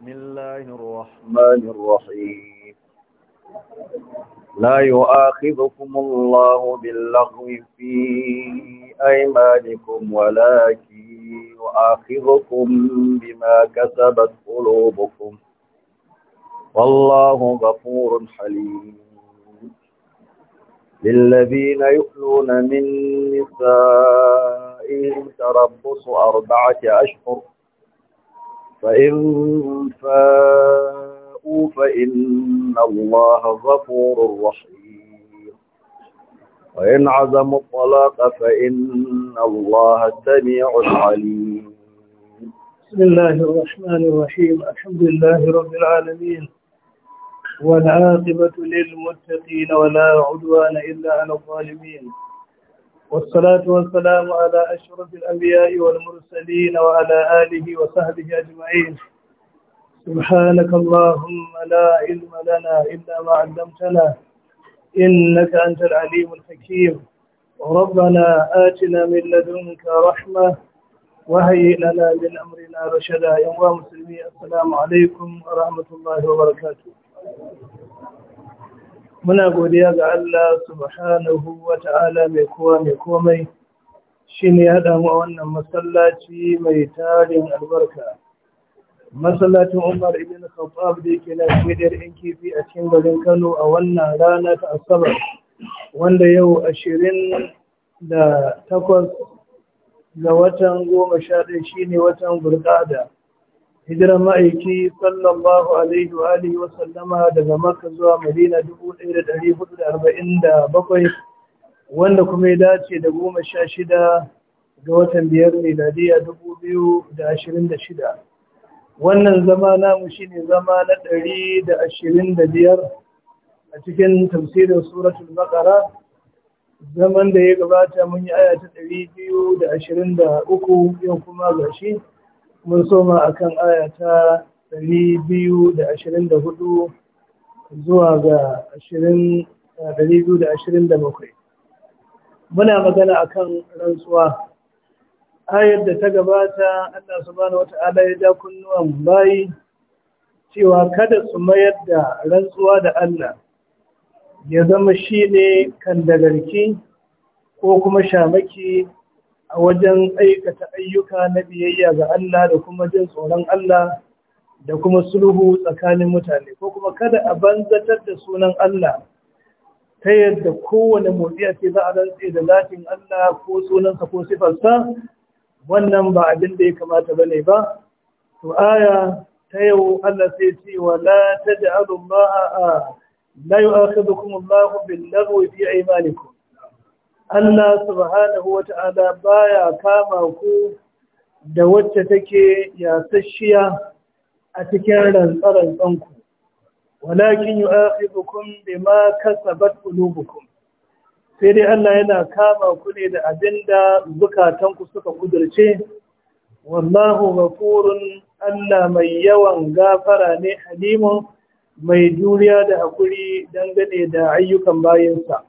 بسم الله الرحمن الرحيم لا يؤاخذكم الله باللغو في أيمانكم ولكن يؤاخذكم بما كسبت قلوبكم والله غفور حليم للذين يؤلون من نسائهم تربص أربعة أشهر فإن فاءوا فإن الله غفور رحيم وإن عزموا الطلاق فإن الله سميع عليم بسم الله الرحمن الرحيم الحمد لله رب العالمين والعاقبة للمتقين ولا عدوان إلا على الظالمين والصلاة والسلام على أشرف الأنبياء والمرسلين وعلى آله وصحبه أجمعين سبحانك اللهم لا علم لنا إلا ما علمتنا إنك أنت العليم الحكيم ربنا آتنا من لدنك رحمة وهيئ لنا من أمرنا رشدا يا مسلمين السلام عليكم ورحمة الله وبركاته muna godiya ga Allah subhanahu wa ta'ala mai kowa mai komai shi ne haɗa mu a wannan masallaci mai tarin albarka masallacin umar ibn khattab da yake na shidiyar yan kifi a cikin garin kano a wannan rana ta asabar wanda yau ashirin da takwas ga watan goma sha ɗaya ne watan burkada hijiran ma'aiki sallallahu alaihi wa alihi wa sallama daga maka zuwa madina 1447 wanda kuma ya dace da goma sha shida ga watan biyar miladiya 2026 wannan zama namu shine zama na 125 a cikin tafsirin suratul baqara zaman da ya gabata mun yi aya ta 223 yau kuma gashi mun soma akan aya ta 224 zuwa ga 227 muna magana a kan rantsuwa ayar da ta gabata Allah subhanahu wata'ala ya ja kunnuwan bayi cewa kada su mayar da rantsuwa da Allah ya zama shi ne kan dagarki ko kuma shamaki a wajen aikata ayyuka na biyayya ga Allah da kuma jin tsoron Allah da kuma sulhu tsakanin mutane ko kuma kada a banzatar da sunan Allah ta yadda kowane motsi ce za a rantse da latin Allah ko sunansa ko sifarsa wannan ba abin da ya kamata bane ba to aya ta yau Allah sai ce wa la taj'alu Allah la yu'akhidhukum Allahu bil fi aymanikum Allah subhanahu wa ta'ala baya kama ku da wacce take yasasshiya a cikin rantsarantsanku, walakin yi afifikun da ma kasabat ulubukum. Sai dai Allah yana kama ku ne da abin da suka kudurce, wallahu gafurun Allah mai yawan gafara ne halimun mai juriya da haƙuri dangane da ayyukan bayansa.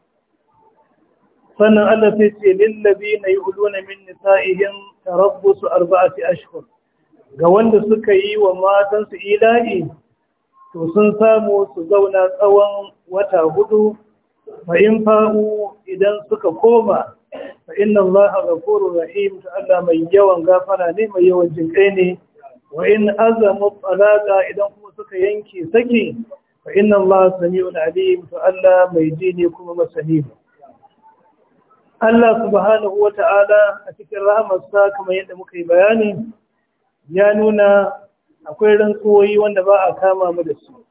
sannan Allah sai ce lillazina yu'luna min nisa'ihim tarabbusu arba'ati ashhur ga wanda suka yi wa matansu ila'i to sun samu su zauna tsawon wata hudu fa in fa'u idan suka koma fa inna allaha ghafurur rahim to Allah mai yawan gafara ne mai yawan jinkai ne wa in azamu talaqa idan kuma suka yanke saki fa inna allaha sami'un alim to Allah mai ji ne kuma masani Allah subhanahu wa ta'ala a cikin rahamarsa kamar yadda muka yi bayani ya nuna akwai rantsuwoyi wanda ba a kama mu da su.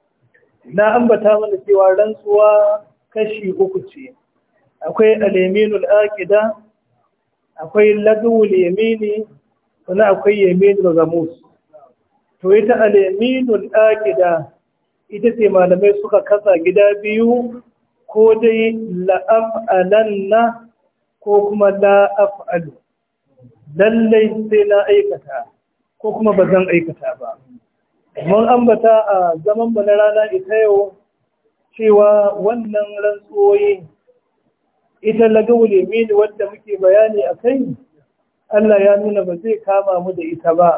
Na ambata mana cewa rantsuwa kashi uku ce, akwai alaminul aƙida, akwai lagawul yamini, sannan akwai yaminul gamus. To ita alaminul aƙida ita ce malamai suka kasa gida biyu ko dai na? ko kuma la af'alu lallai sai na aikata ko kuma bazan aikata ba mun ambata a zaman mu na rana ita yau cewa wannan rantsoyi ita lagawul yamin wanda muke bayani a kai Allah ya nuna ba zai kama mu da ita ba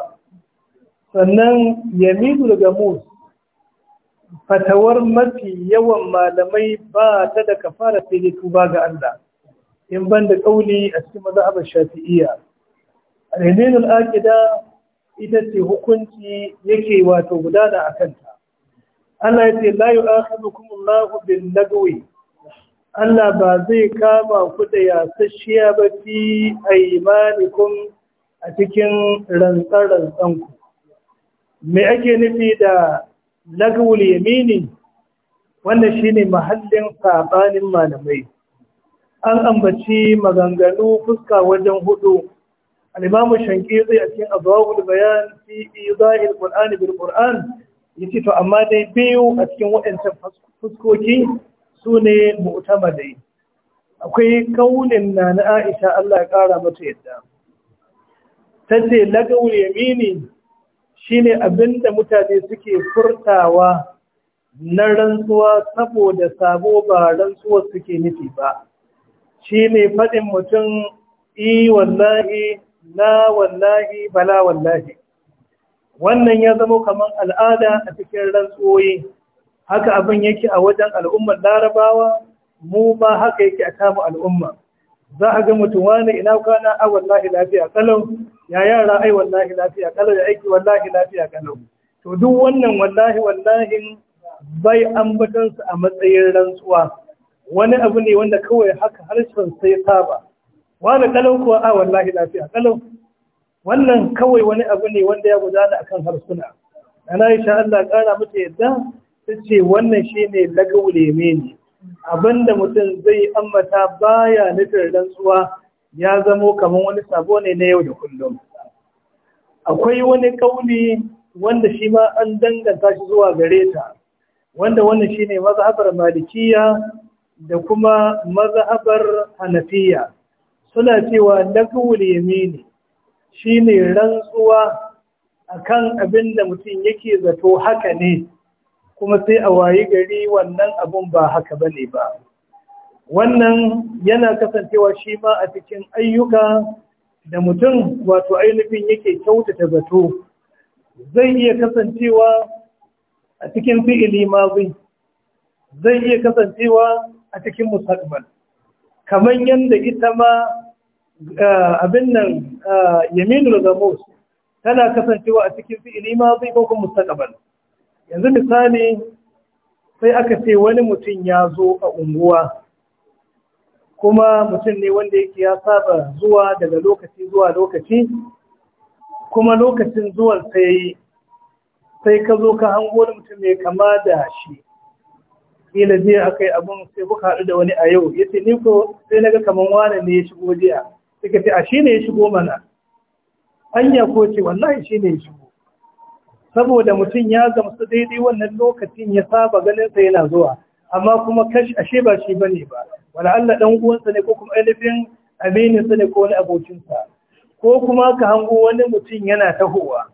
sannan daga mu fatawar mafi yawan malamai ba ta da kafara sai dai tuba ga Allah in ban da ƙauli a cikin mazhabar shafi'iyya al-yaminul aqida ita ce hukunci yake wato gudana a kanta Allah ya ce la yu'akhidukum Allahu bil lagwi Allah ba zai kama ku da yasasshiya ba fi aymanikum a cikin rantsarantsan ku me ake nufi da lagwul yamini wannan shine mahallin sabanin malamai an ambaci maganganu fuska wajen hudu al-imamu shankiri a cikin abawul bayan fi al-qur'an bil qur'an yace to amma dai biyu a cikin waɗancan fuskoki sune mu'tamadai akwai kaulin na na Aisha Allah ya kara mata yadda tace lagawul yamini shine abinda mutane suke furtawa na rantsuwa saboda sabo ba rantsuwa suke nufi ba shi ne faɗin mutum i wallahi na wallahi bala wallahi wannan ya zama kamar al'ada a cikin rantsoyi haka abin yake a wajen al'ummar larabawa mu ma haka yake a tamu al'umma za a ga mutum wani ina kwana a wallahi lafiya kalau ya yara ai wallahi lafiya kalau ya aiki wallahi lafiya kalau to duk wannan wallahi wallahin bai ambatansa a matsayin rantsuwa wani abu ne wanda kawai haka harshen sai saba wani kalau kuwa a ah, wallahi lafiya kalau wannan kawai wani abu ne wanda ya gudana akan harsuna ana yi Allah kara mata yadda ta ce wannan shi ne lagawuleme ne abinda mutum zai ammata baya nufin rantsuwa ya zamo kamar wani sabo ne na yau da kullum akwai wani kauli wanda shi ma an danganta shi zuwa gare ta wanda wannan maza mazhabar malikiya da kuma mazhabar hanafiya suna cewa lagwul yamini shine rantsuwa akan abin da mutum yake zato haka ne kuma sai a wayi gari wannan abun ba haka bane ba wannan yana kasancewa shi ma a cikin ayyuka da mutum wato ainihin yake kyautata zato zai iya kasancewa a cikin fi'ili mazi zai iya kasancewa a cikin mustaqbal kamar yadda ita ma eh, abin nan da eh, gamus tana kasancewa a cikin fi'ili ma zai ko kuma yanzu misali sai aka ce wani mutum ya zo a unguwa kuma mutum ne wanda yake ya saba zuwa daga lokaci zuwa lokaci kuma lokacin zuwan sai sai ka zo ka hango wani mutum mai kama da shi kila jiya akai abun sai kuka haɗu da wani a yau yace ni ko sai naga kaman wani ne ya shigo jiya suka ce a shine ya shigo mana hanya ko ce wallahi shine ya shigo saboda mutum ya gamsu daidai wannan lokacin ya saba ganin sa yana zuwa amma kuma kashi ashe ba shi bane ba wala Allah dan uwansa ne ko kuma ainihin sa ne ko wani abokinsa ko kuma ka hango wani mutum yana tahowa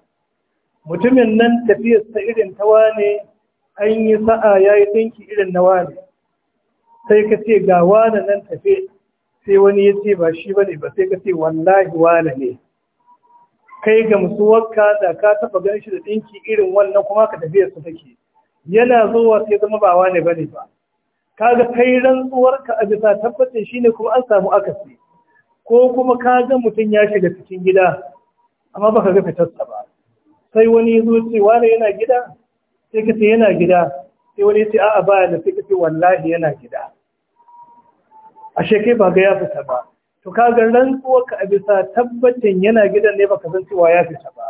mutumin nan tafiyarsa irin ta wane. an yi sa'a ya yi ɗinki irin na wani sai ka ce ga wani nan tafe sai wani ya ce ba shi ba ne ba sai ka ce wallahi wani ne kai ga wakka da ka taɓa gan shi da ɗinki irin wannan kuma ka tafiya su take yana zuwa sai zama ba wani ba ne ba kaga kai rantsuwarka a bisa tabbacin shine kuma an samu akasi ko kuma ka ga mutum ya shiga cikin gida amma baka ga fitarsa ba sai wani ya zo ce wane yana gida sai ka yana gida sai wani ce a'a baya da sai ka ce wallahi yana gida A shekai ba ga ya fita ba to ka ga rantsuwa ka a bisa tabbacin yana gidan ne baka san cewa ya fita ba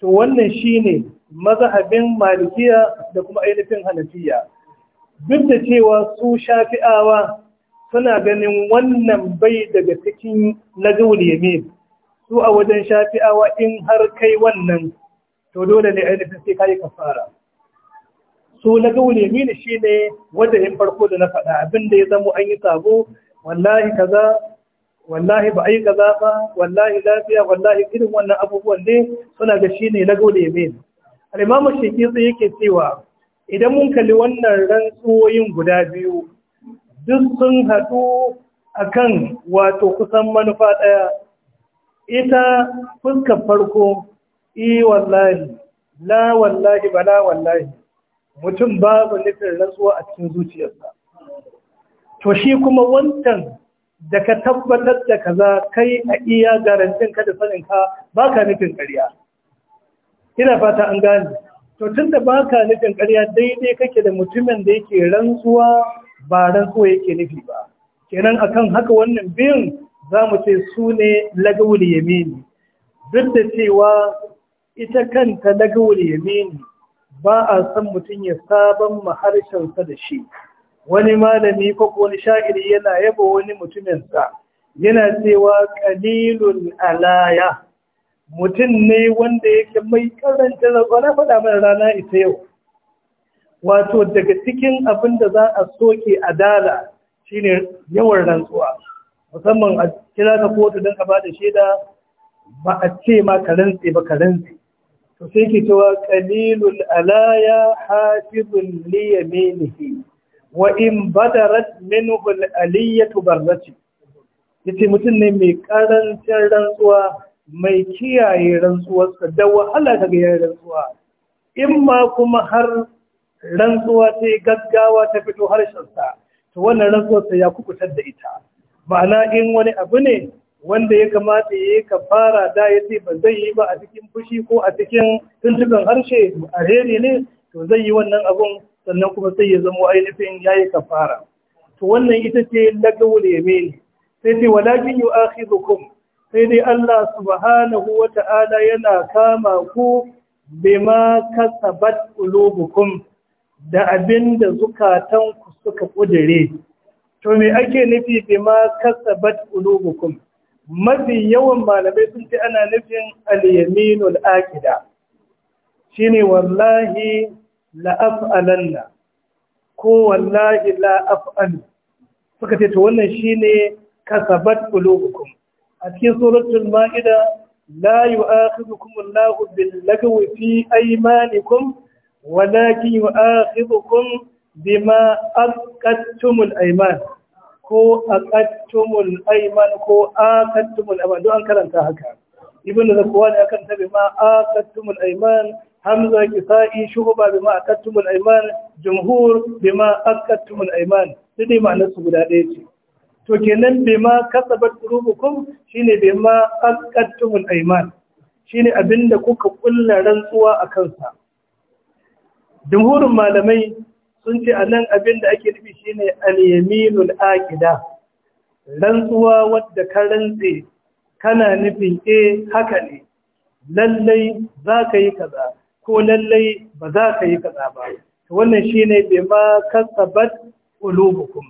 to wannan shine mazhabin malikiya da kuma ainihin hanafiya duk da cewa su shafi'awa suna ganin wannan bai daga cikin na yamin su a wajen shafi'awa in har kai wannan to dole ne ainihin sai kai kafara to na wule mini shi ne wanda in farko da na faɗa Abinda ya zama an yi sabo wallahi kaza wallahi ba a yi kaza ba wallahi lafiya wallahi irin wannan abubuwan ne suna da shi ne na wule mini al'imamu shekitsu yake cewa idan mun kalli wannan rantsuwoyin guda biyu duk sun haɗu kan wato kusan manufa ɗaya ita fuskar farko i wallahi la wallahi ba la wallahi mutum babu nufin rantsuwa a cikin zuciyarsa to shi kuma wancan da ka tabbatar da kaza kai a iya garantin ka da sanin ka baka nufin ƙarya ina fata an gane to tun da baka nufin ƙarya daidai kake da mutumin da yake rantsuwa ba rantsuwa yake nufi ba kenan akan haka wannan biyun za mu ce su ne lagawul yamini duk da cewa ita kanta lagawul yamini ba a san mutum ya saban maharshensa da shi wani malami ko wani sha'iri yana yaba wani mutuminsa yana cewa kalilun alaya mutum ne wanda yake mai karanta zaba na faɗa mana rana ita yau wato daga cikin abin da za a soke a adala shine yawan rantsuwa musamman a kira ka kotu don ka ba da shaida ba a ce ma ka ba ka to sai ke cewa qalilul alaya hafizun li yaminihi wa in badarat minhu al aliyatu barrati yace mutum ne mai karancin rantsuwa mai kiyaye rantsuwarsa da wahala daga yayin rantsuwa in ma kuma har rantsuwa sai gaggawa ta fito harshen sa, ta wannan rantsuwarsa ya kukutar da ita ma'ana in wani abu ne wanda ya kamata ya ka fara da ya ce ba zai yi ba a cikin fushi ko a cikin tuntukan harshe a rere ne to zai yi wannan abun sannan kuma sai ya zama ainihin ya yi kafara to wannan ita ce lagawul ne, sai dai walakin yu'akhidhukum sai dai Allah subhanahu wa ta'ala yana kama ku bima kasabat qulubukum da abinda zukatan ku suka ƙudire, to me ake nufi bima kasabat qulubukum mafi yawan malamai sun ce ana nufin al-yaminul aqida shine wallahi la af'alanna ko wallahi la af'alu suka ce to wannan shine kasabat qulubukum a cikin suratul ma'ida la yu'akhidhukum Allahu bil lagwi fi aymanikum walakin yu'akhidhukum bima aqadtumul ayman ko aqattumul ayman ko aqattumul ayman don an karanta haka ibnu zakwan ya akan bi ma aqattumul ayman hamza kisa'i shuhuba bi ma aqattumul ayman jumhur bi ma aqattumul ayman dai ma'anar su guda ɗaya ce to kenan bi ma kasabat qulubukum shine bi ma aqattumul ayman shine abinda kuka kullaran rantsuwa a kansa jumhurin malamai sun ce a nan abin da ake nufi shine al-yaminul aqida rantsuwa wadda ka rantse kana nufin e haka ne lallai za ka yi kaza ko lallai ba za ka yi kaza ba wannan shine bai ma kasabat ulubukum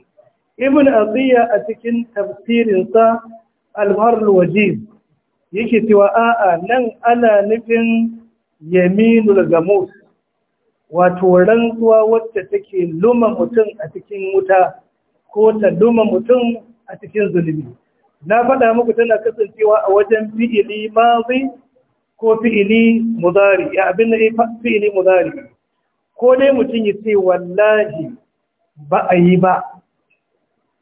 ibn aziya a cikin tafsirinsa al-harl yake cewa a'a nan ana nufin yaminul gamus wato rantsuwa wacce take luma mutum a cikin wuta ko ta luma mutum a cikin zunubi na faɗa muku tana kasancewa a wajen fi'ili mazi ko fi'ili muzari ya abin da fi'ili muzari ko dai mutum ya ce wallahi ba a yi ba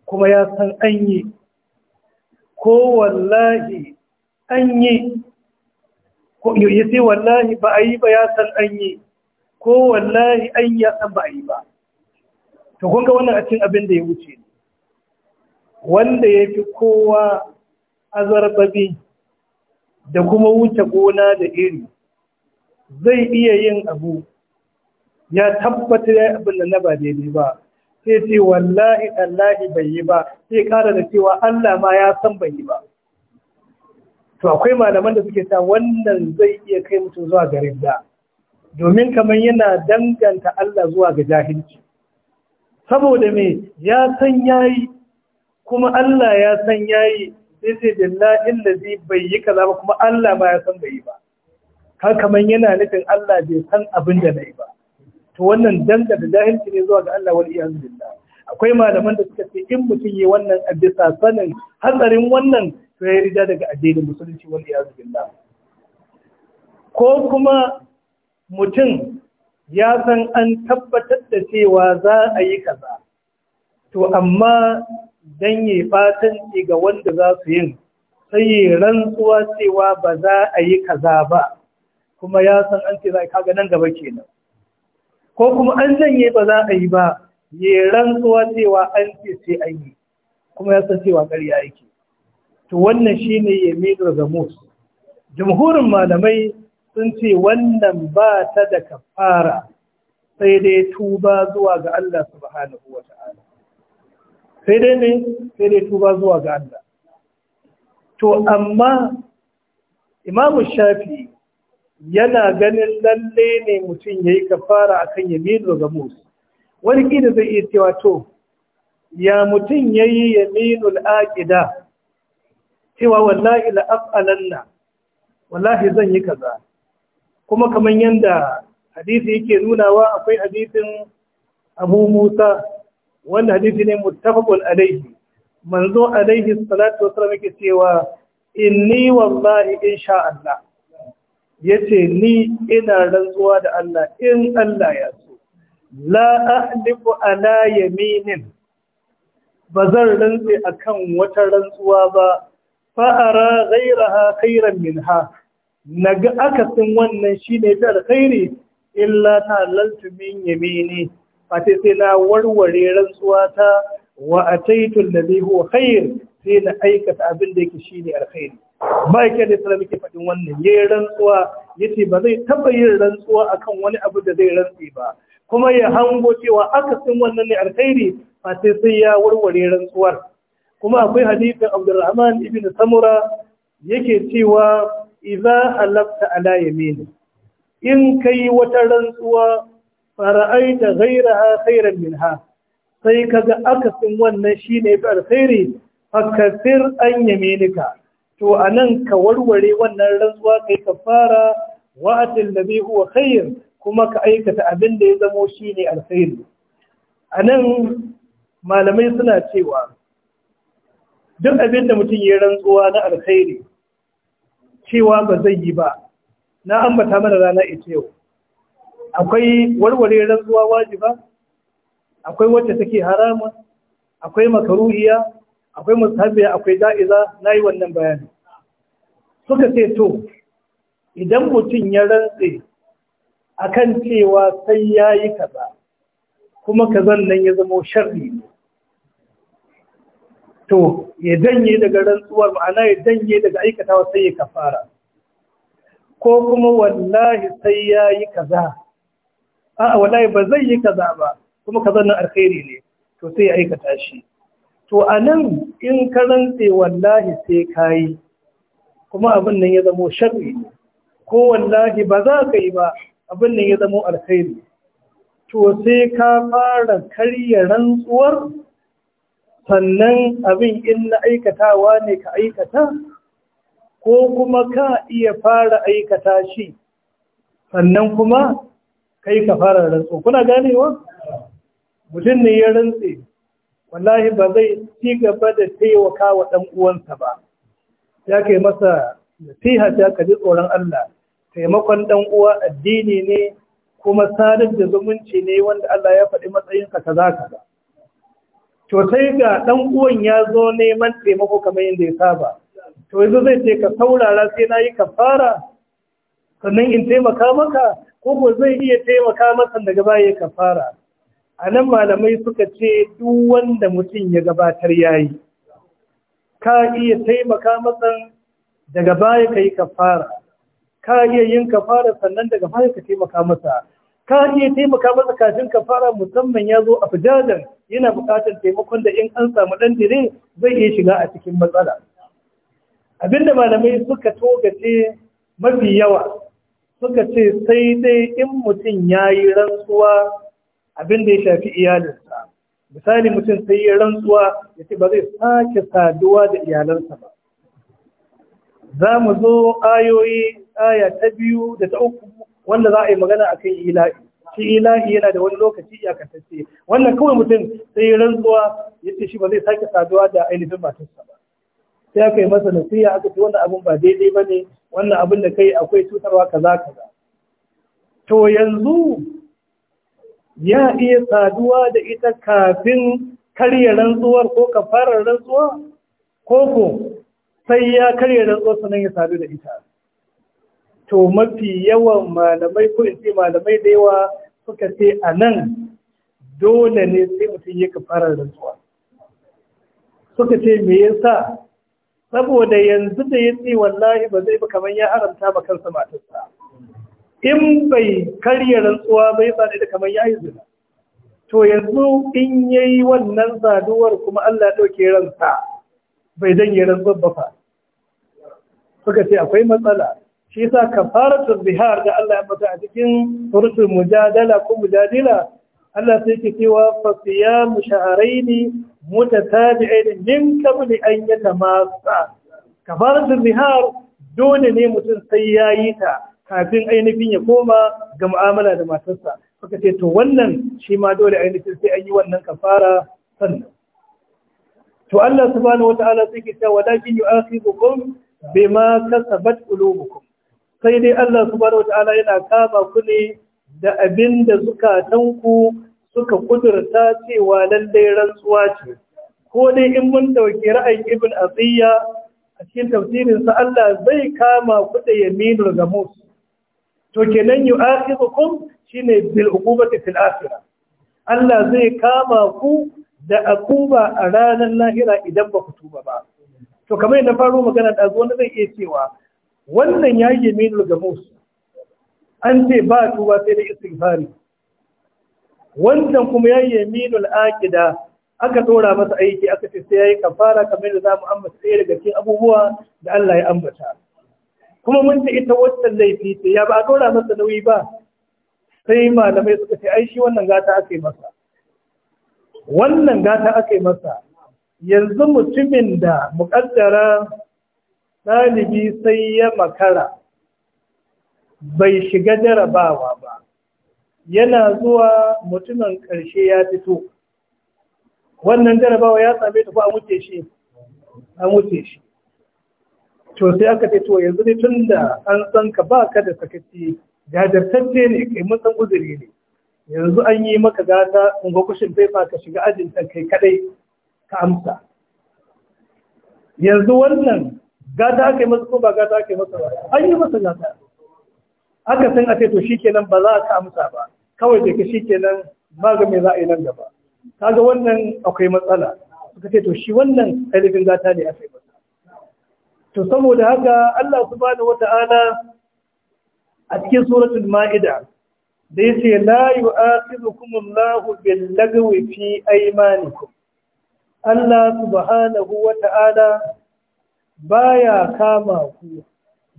kuma ya san an yi ko wallahi an yi ko ya ce wallahi ba a yi ba ya san an yi ko wallahi ai ya san ba a yi ba to kun ga wannan a cikin abin da ya wuce wanda ya fi kowa azarbabi da kuma wuce gona da iri zai iya yin abu ya tabbata ya yi abin da na ba daidai ba sai ce wallahi allahi bai yi ba sai kara da cewa Allah ma ya san bai yi ba to akwai malaman da suke ta wannan zai iya kai mutum zuwa garin da domin kamar yana danganta Allah zuwa ga jahilci saboda me ya san yayi kuma Allah ya san yayi sai sai billahi allazi bai yi kaza ba kuma Allah ma ya san bai ba har kamar yana nufin Allah bai san abin da nayi ba to wannan danganta jahilci ne zuwa ga Allah wal iyaz billah akwai malaman da suka ce in mutum yi wannan abisa sanin hatsarin wannan to ya rida daga addinin musulunci wal iyaz billah ko kuma mutum ya san an tabbatar da cewa za a yi kaza to amma dan yi fatan ga wanda za su yin sai yi rantsuwa cewa ba za a yi kaza ba kuma ya san an ce za a kaga nan gaba kenan ko kuma an janye ba za a yi ba yi rantsuwa cewa an ce sai an yi kuma ya san cewa ƙarya yake to wannan shine yamilu gamus jumhurin malamai sun ce wannan ba ta da kafara sai dai tuba zuwa ga Allah subhanahu wa ta'ala sai dai ne sai dai tuba zuwa ga Allah to amma imamu shafi yana ganin lalle ne mutum ya yi kafara a kan yaminu ga Musa. wani kida zai iya cewa to ya mutum ya yi yaminu al'aƙida cewa wallahi la'af'alanna wallahi zan yi kaza kuma kamar yadda hadisi yake nunawa akwai hadisin abu musa wanda hadisi ne muttafaqun alaihi manzo alaihi salatu wasallam yake cewa inni wallahi sha Allah yace ni ina rantsuwa da Allah in Allah ya so la ahlifu ala yaminin zan rantsi akan wata rantsuwa ba fa'ara ara ghayraha minha na ga akasin wannan shi ne ta alkhairi illa ta halaltu min yamini a ta sai na warware rantsuwa ta wa a taitun da zai huwa khair sai na aikata abin da yake shi ne alkhairi ba ya da sanar muke faɗin wannan ya yi rantsuwa ya ce ba zai taɓa yin rantsuwa akan wani abu da zai rantsi ba kuma ya hango cewa akasin wannan ne alkhairi a sai sai ya warware rantsuwar kuma akwai hadisin abdulrahman ibn samura yake cewa idza halafta ala yamini in kai wata rantsuwa fara'aita ghairaha khairan minha sai kaga akasin wannan shine fi alkhairi fakasir an yaminika to anan ka warware wannan rantsuwa kai kafara wa'atil ladhi huwa khair kuma ka aikata abin da ya zamo shine alkhairi anan malamai suna cewa duk abinda mutum ya rantsuwa na alkhairi cewa ba zai yi ba na ambata mana rana ita yau akwai warware rantsuwa wajiba akwai wacce take harama akwai makaruhiya akwai mustahabiya akwai da'iza nayi wannan bayani suka ce to idan mutum ya rantse akan cewa sai yayi kaza kuma kazan nan ya zama sharri to ya danye daga rantsuwar ma'ana ya danye daga aikatawa sai ya kafara ko kuma wallahi sai ya yi kaza a wallahi ba zai yi kaza ba kuma kaza nan alkhairi ne to sai ya aikata shi to a nan in ka rantse wallahi sai ka yi kuma abin nan ya zamo sharri ko wallahi ba za ka yi ba abin nan ya zamo alkhairi to sai ka fara karya rantsuwar sannan abin in na aikatawa ne ka aikata ko kuma ka iya fara aikata shi sannan kuma kai ka fara rantsu kuna ganewa mutum ne ya rantse wallahi ba zai ci gaba da taimaka wa ɗan uwansa ba ya kai masa nasiha ta kaji tsoron Allah taimakon ɗan uwa addini ne kuma sadar da zumunci ne wanda Allah ya faɗi za ka ba to sai ga dan uwan ya zo neman taimako kamar yadda ya saba to yanzu zai ce ka saurara sai na yi kafara sannan in taimaka maka ko ko zai iya taimaka masa daga baya kafara a nan malamai suka ce duk wanda mutum ya gabatar yayi ka iya taimaka masa daga baya ka yi kafara ka iya yin kafara sannan daga baya ka taimaka masa ka iya taimaka masa kafin kafara musamman ya zo a fijadan yana buƙatar taimakon da in an samu ɗan dire zai iya shiga a cikin matsala abinda malamai suka togace mafi yawa suka ce sai dai in mutum ya yi rantsuwa abinda ya shafi iyalinsa misali mutum sai ya rantsuwa ya ce ba zai sake saduwa da iyalansa ba za mu zo ayoyi aya ta biyu da ta uku wanda za a yi magana akan ila'i ilahi yana da wani lokaci iyakatacce wannan kawai mutum sai rantsuwa ce shi ba zai sake saduwa da ainihin matarsa ba sai aka yi masa nasiya aka ce wannan abin ba daidai ba ne wannan abin da kai akwai cutarwa kaza kaza to yanzu ya iya saduwa da ita kafin karya rantsuwar ko kafarar rantsuwa ko ko sai ya karya rantsuwar sannan ya sadu da ita to mafi yawan malamai ko in ce malamai da yawa suka ce a nan dole ne sai mutum ya kafarar rantsuwa suka ce me yasa saboda yanzu da ya ce wallahi ba zai ba kamar ya haramta ba kansa matarsa in bai karya rantsuwa bai tsare da kamar ya yi zina to yanzu in ya yi wannan zaduwar kuma Allah ɗauke ransa bai yi rantsuwar ba fa suka ce akwai matsala shi yasa kafaratul bihar da Allah ya bata a cikin suratul mujadala ko mujadila Allah sai ke cewa fa siyamu sha'rayn mutatabi'ain min qabl an yatamassa kafaratul bihar dole ne mutum sai yayi ta kafin ainihin ya koma ga mu'amala da matarsa suka ce to wannan shi ma dole ainihin sai an yi wannan kafara sannan to Allah subhanahu wata'ala sai ke cewa walakin yu'akhidukum bima kasabat qulubukum sai dai Allah subhanahu wata'ala yana kama ku ne da abin da tanku suka kudurta cewa lallai rantsuwa ce ko dai in mun dauki ra'ayin ibn asiya a cikin tafsirin sa Allah zai kama ku da yaminul gamus to kenan yu'aqibukum shine bil uqubati fil akhirah Allah zai kama ku da akuba a ranar lahira idan ba ku tuba ba to kamar yadda faro magana da zuwa zai iya cewa wannan ya yi yaminul gamus an ce ba a tuba sai da istighfari wannan kuma ya yi yaminul da aka tsora masa aiki aka ce sai ya yi kafara kamar da za zamu ambata ɗaya daga cikin abubuwa da Allah ya ambata kuma mun ce ita wancan laifi ce ya ba a tsora masa nauyi ba sai malamai suka ce ai shi wannan gata aka masa wannan gata aka yi masa yanzu mutumin da muƙaddara ɗalibi sai ya makara bai shiga jarabawa ba yana zuwa mutumin ƙarshe ya fito wannan jarabawa ya same ta ko a wuce shi a wuce shi to sai aka ce to yanzu ne tun da an san ka ba ka da sakaci jajirtacce ne kai matsan uzuri ne yanzu an yi maka gata in ga kushin faifa ka shiga ajin kai kadai ka amsa yanzu wannan gata aka yi ko ba gata aka yi ba an yi masa gata aka san a ce shi shikenan ba za a ka amsa ba kawai da ka shi ba ga za a yi nan gaba kaga wannan akwai matsala suka ce shi wannan ainihin gata ne aka yi masa to saboda haka Allah su Ba wata ana a cikin suratul ma'ida da yace la yu'akhidhukum Allahu bil lagwi fi aymanikum Allah subhanahu wata'ala baya kama ku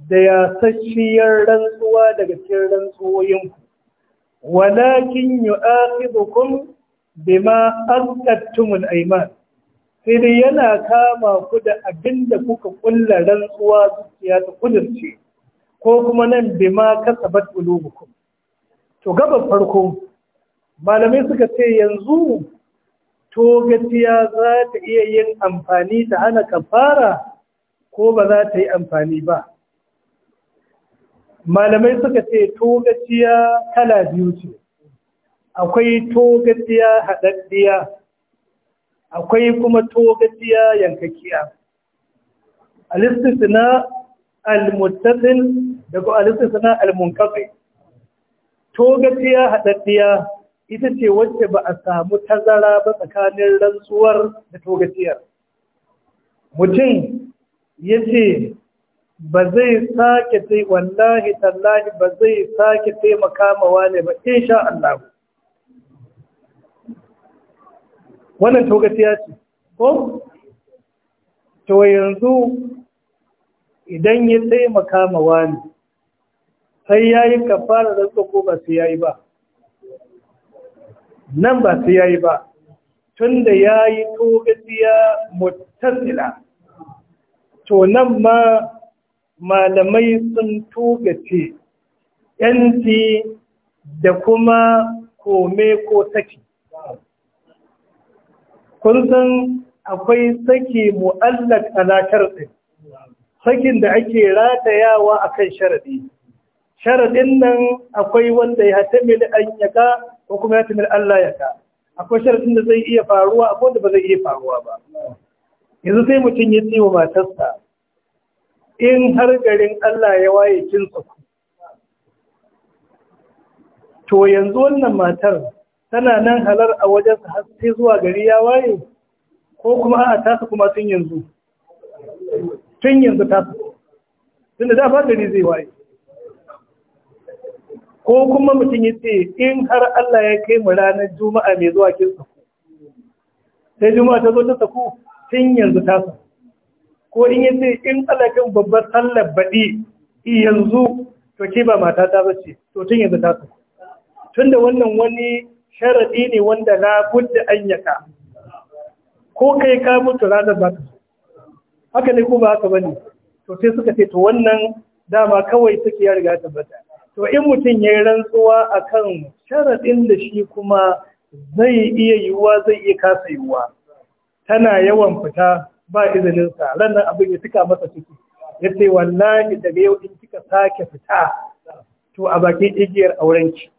da yasasshiyar rantsuwa daga cikin rantsuwoyinku walakin yu'akhidhukum bima aqattumul ayman sai dai yana kama ku da abinda kuka kulla rantsuwa ya ta kudurce ko kuma nan bima kasabat qulubukum to gaba farko malamai suka ce yanzu to gaciya za ta iya yin amfani ta hana kafara ko ba za ta yi amfani ba malamai suka ce togaciya kala biyu ce akwai togaciya haɗaɗɗiya akwai kuma togaciya yankakiya alistisna almuttasil da na almunkafe togaciya haɗaɗɗiya ita ce wacce ba a samu tazara ba tsakanin rantsuwar da togaciyar mutum ya ce ba zai sake tai wallahi tallahi ba zai sake taimaka mawa ne ba insha Allah wannan togaciya ce ko to yanzu idan ya taimaka mawa ne sai yayi kafara da ko ba sai yayi ba nan ba sai yayi ba tunda yayi togaciya muttasila to nan ma malamai sun togace yanci da kuma kome ko saki kun san akwai saki mu'allak alakar ɗin sakin da ake ratayawa a kan sharaɗi sharaɗin nan akwai wanda ya hatamil an yaka ko kuma ya hatamil Allah yaka akwai sharaɗin da zai iya faruwa akwai wanda ba zai iya faruwa ba yanzu sai mutum ya ce wa matarsa in har garin Allah ya waye kin tsaku to yanzu wannan matar tana nan halar a wajen har sai zuwa gari ya waye ko kuma a tasa kuma tun yanzu tun yanzu tasa tun da dafa gari zai waye ko kuma mutum ya ce in har Allah ya kai mu ranar juma'a mai zuwa kin tsaku sai juma'a ta zo ta tsaku tun yanzu ta ko in yi sai in talakin babbar sallar baɗi yanzu to ke ba mata ta bace to tun yanzu ta tun da wannan wani sharaɗi ne wanda na budda an yaka ko kai ka mutu ranar ba ta haka ne ko ba haka ba ne to sai suka ce to wannan dama kawai suke ya riga tabbata to in mutum ya yi rantsuwa akan sharaɗin da shi kuma zai iya yiwuwa zai iya kasa yiwuwa tana yawan fita ba izinin sa ranar abin ya tuka masa ciki ya ce wallahi daga yau in kika sake fita to a bakin igiyar aurenki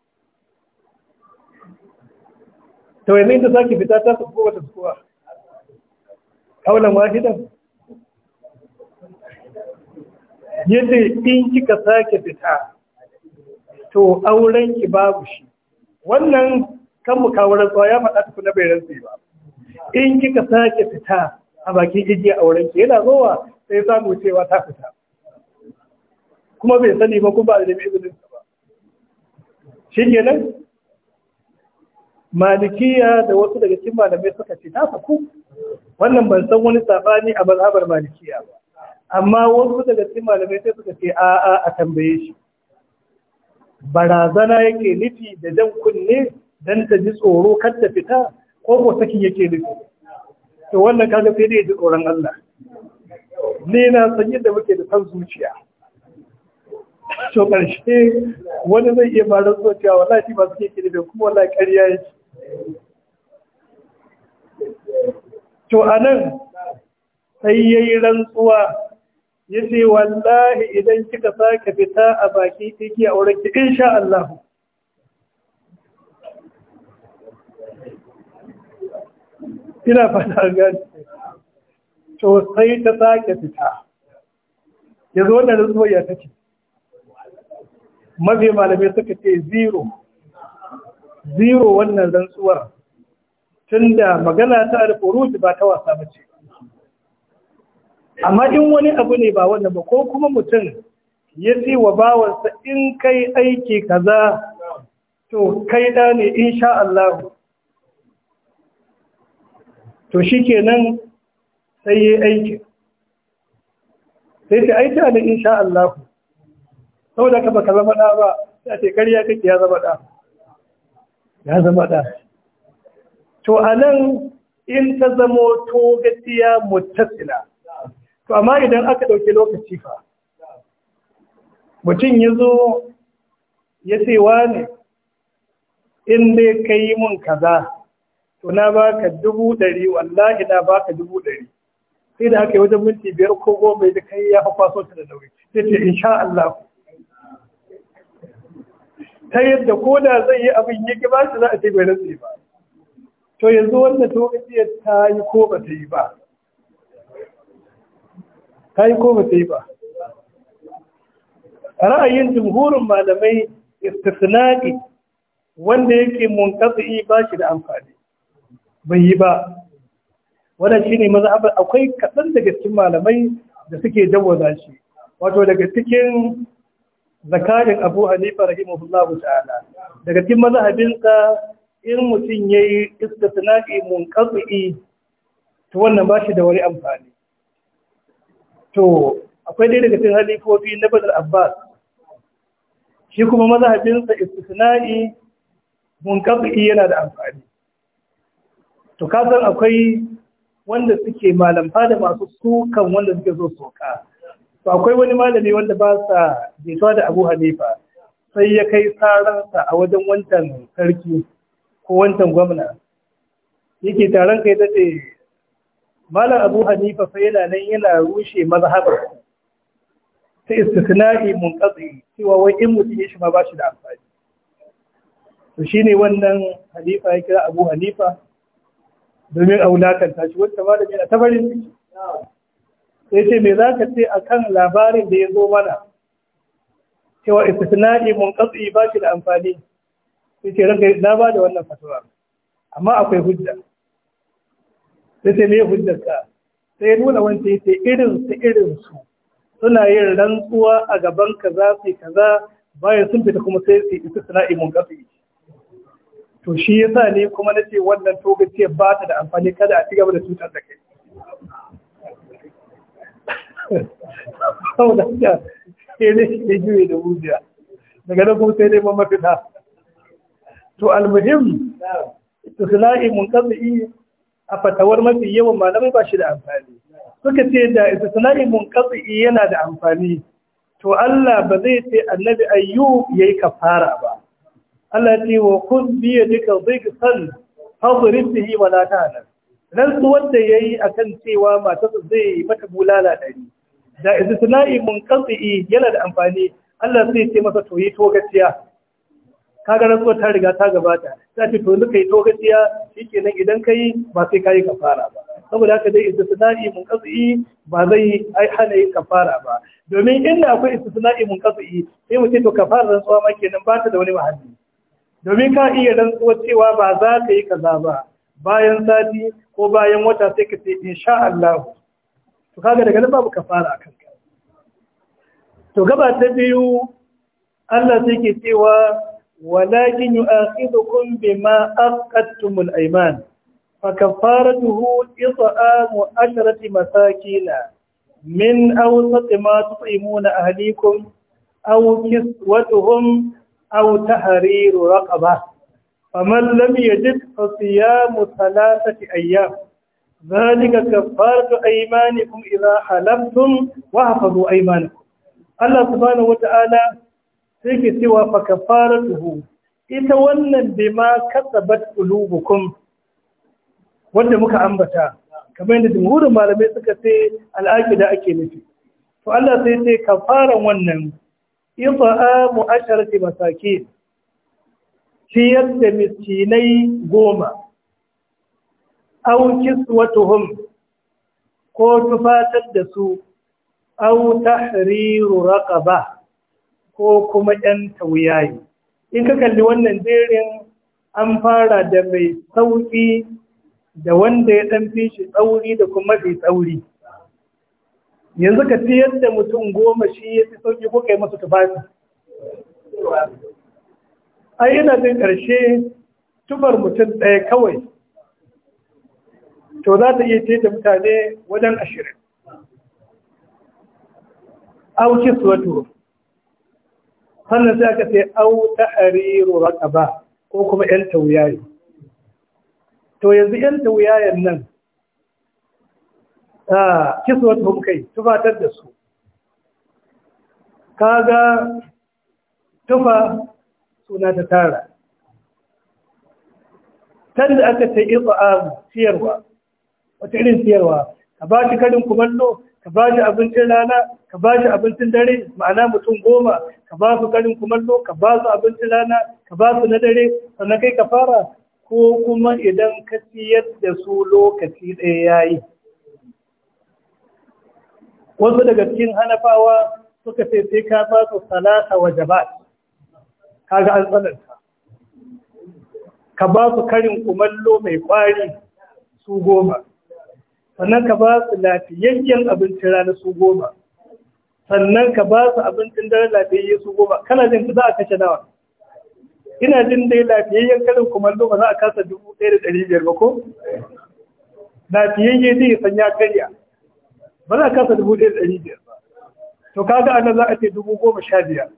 to yanzu in ta sake fita ta suko wata sukowa kaulan wahidan yadda in kika sake fita to aurenki babu shi wannan kan mu kawo rantsuwa ya faɗa tafi na bai rantsi ba in kika sake fita a bakin a wurin ki yana zowa sai samu cewa ta fita kuma bai sani ba kuma ba da zunin ba shi nan? malikiya da wasu daga cikin malamai suka ce ta faku wannan ban san wani sabani a mazhabar malikiya ba amma wasu daga cikin malamai sai suka ce a a a tambaye shi barazana yake nufi da jan kunne dan ta ji tsoro kar ta fita ko ko sakin yake nufi to wannan kaga sai dai ya ji tsoron Allah ne na san yadda muke da san zuciya to karshe wani zai iya ba zuciya cewa wallahi ba suke kiri da kuma wallahi ƙarya yake to anan sai yayi rantsuwa ya ce wallahi idan kika saka fita a baki a auren ki insha Allah ina fata gani to sai ta sake fita yanzu wannan rantsuwar ta take mafi malamai suka ce zero zero wannan rantsuwar tunda magana ta alfuruji ba ta wasa ba ce amma in wani abu ne ba wannan ba ko kuma mutum ya ce wa bawansa in kai aiki kaza to kai da ne sha Allah to shi kenan sai yi aiki sai ta aiki a da insha Allah sau da ka baka zama ɗa ba sai ce ya kake ya zama ɗa ya zama ɗa to a nan in ta zamo to gaskiya muttasila to amma idan aka ɗauki lokaci fa mutum ya zo ya ce wa ne in dai ka yi mun kaza to na baka dubu ɗari wallahi na baka dubu ɗari sai da haka yi wajen minti biyar ko goma da kai ya fa kwaso ta da nauyi sai ce in sha Allah ta yadda ko da zai yi abin ya ki bashi za a ce bai rantsi ba to yanzu wannan tokaciyar ta yi ko ba ta yi ba ta yi ko ba ta yi ba ra'ayin jumhurin malamai istisnaɗi, wanda yake munkatsi ba shi da amfani bai yi ba wannan shine mazhabar akwai kaɗan daga cikin malamai da suke jawaza shi wato daga cikin zakarin abu hanifa rahimahullahu ta'ala daga cikin sa, in mutum ya yi istisna'i munqati to wannan ba shi da wani amfani to akwai dai daga cikin halifofi na badal abbas shi kuma sa istisna'i munqati yana da amfani to kasar akwai wanda suke malamfa da masu sukan wanda suke zo soka to akwai wani malami wanda ba sa jituwa da abu hanifa sai ya kai tsaransa a wajen wancan sarki ko wancan gwamna yake taron kai daɗe malam abu hanifa fa yana nan yana rushe mazhabar ta istisna'i munqati cewa wai in mutum shi ma ba shi da amfani to shine wannan hanifa ya kira abu hanifa domin a wulakanta shi wata ma da mai a tabarin ciki ya ce me za ka ce a kan labarin da ya zo mana cewa istisna'i mun katsi ba shi da amfani ya ce ranka na ba da wannan fatuwa amma akwai hujja ya ce mai hujjar ka sai ya nuna wanda ya ce irin su irin su suna yin rantsuwa a gaban kaza sai kaza bayan sun fita kuma sai su istisna'i mun katsi to shi yasa ne kuma na ce wannan ce ba ta da amfani kada a ci gaba da cutar da kai saboda ya sai ne shi juye da wujiya daga nan kuma sai neman mafita to almuhim kan munqati a fatawar mafi yawan malamai ba shi da amfani suka ce da kan munqati yana da amfani to Allah ba zai ce annabi ayyub yayi kafara ba Allah ce wa kun biya duka zigsan hazurin su yi wala ta nan. Nan su wanda ya yi a kan cewa matarsa zai yi mata bulala ɗari. Da istisna'i mun yana da amfani Allah sai ce masa to yi togaciya. Kaga so ta riga ta gabata. Ta ce to yanzu yi togaciya shi kenan idan ka yi ba sai ka yi kafara ba. saboda haka dai istisna'i munqati ba zai ai hana yin kafara ba domin inda akwai istisna'i munqati sai mu ce to kafarar rantsuwa ma kenan ba ta da wani mahalli domin ka iya rantsuwa cewa ba za ka yi kaza ba bayan sati ko bayan wata sai ka ce insha Allah to kaga daga nan babu kafara akan ka to gaba ta biyu Allah sai ke cewa walakin yu'akhidukum bima aqadtumul ayman فكفارته إطعام عشرة مساكين من أوسط ما تطعمون أهليكم أو كسوتهم aw tahriru raqaba faman lam yajid fa siyamu thalathati ayyam zalika kaffaratu ira a halaftum wa hafazu aymanakum Allah subhanahu wata'ala sai ke cewa fa kaffaratuhu ita wannan bima kasabat qulubukum wanda muka ambata kamar yadda jumhurin malamai suka ce al'aqida ake nufi to Allah sai ce kafaran wannan mu asharati masaki. ciyar da miskinai goma aw kiswatuhum ko tufatar da su au tahriru raqaba ko kuma yan tauyayi in ka kalli wannan jerin an fara da mai sauƙi da wanda ya ɗan fi shi tsauri da kuma mafi tsauri yanzu ka ci yadda mutum goma shi ya fi sauƙi ko kai masu tufafi ai yana jin ƙarshe tufar mutum ɗaya kawai to za ta iya ceta mutane wajen ashirin auki wato sannan sai aka sai au ta hariru ba ko kuma 'yan tauyayi to yanzu 'yan tawuyayen nan kiswatuhum kai tufatar da su kaga tufa suna ta tara kan aka ce a siyarwa wata irin siyarwa ka ba shi karin kumallo ka ba shi abincin rana ka ba shi abincin dare ma'ana mutum goma ka ba su karin kumallo ka ba su abincin rana ka ba su na dare sannan kai ka fara ko kuma idan ka siyar da su lokaci ɗaya yayi wasu daga cikin hanafawa suka ce sai ka ba su salasa wa jabat kaga an tsananta ka ba su karin kumallo mai kwari su goma sannan ka ba su lafiyayyen abincin rana su goma sannan ka ba su abincin dare lafiyayye su goma kana jin za a kashe nawa ina jin dai lafiyayyen karin kumallo ba za a kasa dubu ɗaya da ɗari biyar ba ko lafiyayye zai san ya karya ba za a kasa dubu ɗaya da ɗari biyar ba to kaga anan za a ce dubu goma sha biyar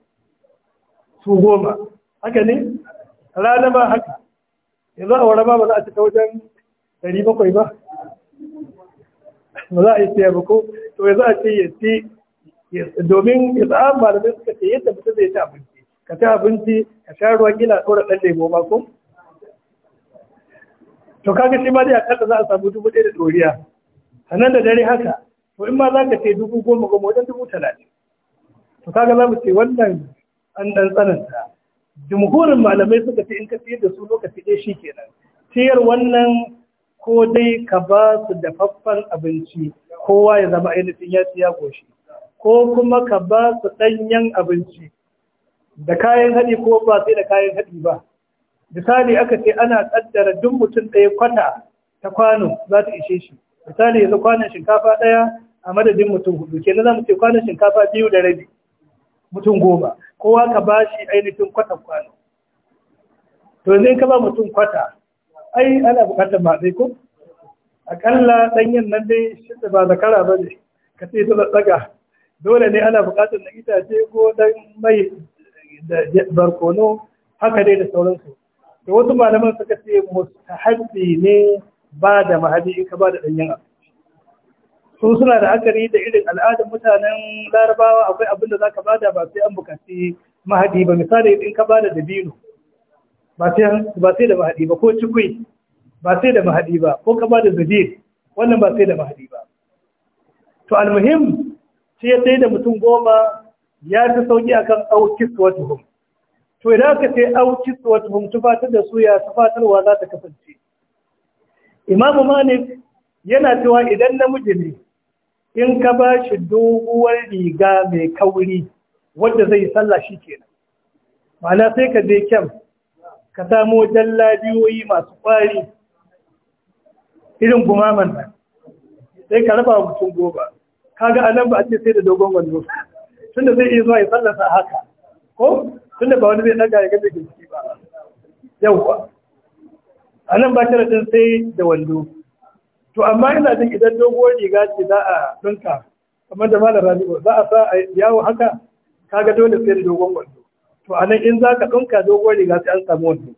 su goma haka ne rana ma haka yanzu a wara ba ba za a cika wajen ɗari bakwai ba ba za a yi siya ba ko to yanzu a ce ya ci domin ya tsawon malamai suka ce yadda mutum zai ci abinci ka ci abinci ka sha ruwan gina ɗora ɗan lemo ba ko to kaga shi ma dai kasa za a samu dubu ɗaya da ɗoriya sannan da dare haka to in ma za ka ce dubu goma goma wajen dubu talatin to kaga za mu ce wannan an dan tsananta jumhurin malamai suka ce in ka siyar da su lokaci ɗaya shi kenan siyar wannan ko dai ka ba su dafaffen abinci kowa ya zama ainihin ya siya goshi ko kuma ka ba su ɗanyen abinci da kayan haɗi ko ba sai da kayan haɗi ba misali aka ce ana kaddara duk mutum ɗaya kwata ta kwano za ta ishe shi misali yanzu kwanan shinkafa ɗaya a madadin mutum hudu kenan za mu ce kwanon shinkafa biyu da rabi mutum goma kowa ka ba shi ainihin kwata kwano to zai ka ba mutum kwata ai ana bukatar ma ko akalla ɗanyen nan dai shi ba zakara ba ne ka ce ta tsaga dole ne ana bukatar na itace ko dan mai da barkono haka dai da sauransu da wasu malaman suka ce mustahabbi ne ba da mahadi in ka ba da ɗanyen abu su suna da akari da irin al'adar mutanen larabawa akwai abin da za ka bada ba sai an bukaci mahadi ba misali in ka bada da biyu ba sai da mahadi ba ko cikui ba sai da mahadi ba ko ka bada zabir wannan ba sai da mahadi ba to almuhim sai ya sai da mutum goma ya fi sauki akan aukis watuhum to idan aka sai aukis watuhum tufatar da su ya tufatarwa za ta kasance imamu malik yana cewa idan namiji ne in ka ba shi doguwar riga mai kauri wadda zai sallah shi kenan mana sai ka je kyam ka samo labiyoyi masu kwari irin gumaman nan sai ka raba mutum goma kaga anan ba a ce sai da dogon wando tunda zai iya zuwa ya sallasa haka ko tunda ba wani zai daga ya gaza gaske ba yauwa anan ba sharadin sai da wando to amma ina jin idan doguwar riga ce za a ɗinka kamar da malam rabi'u za a sa a yawo haka kaga dole sai da dogon wando to a nan in za ka ɗinka doguwar riga sai an samu wando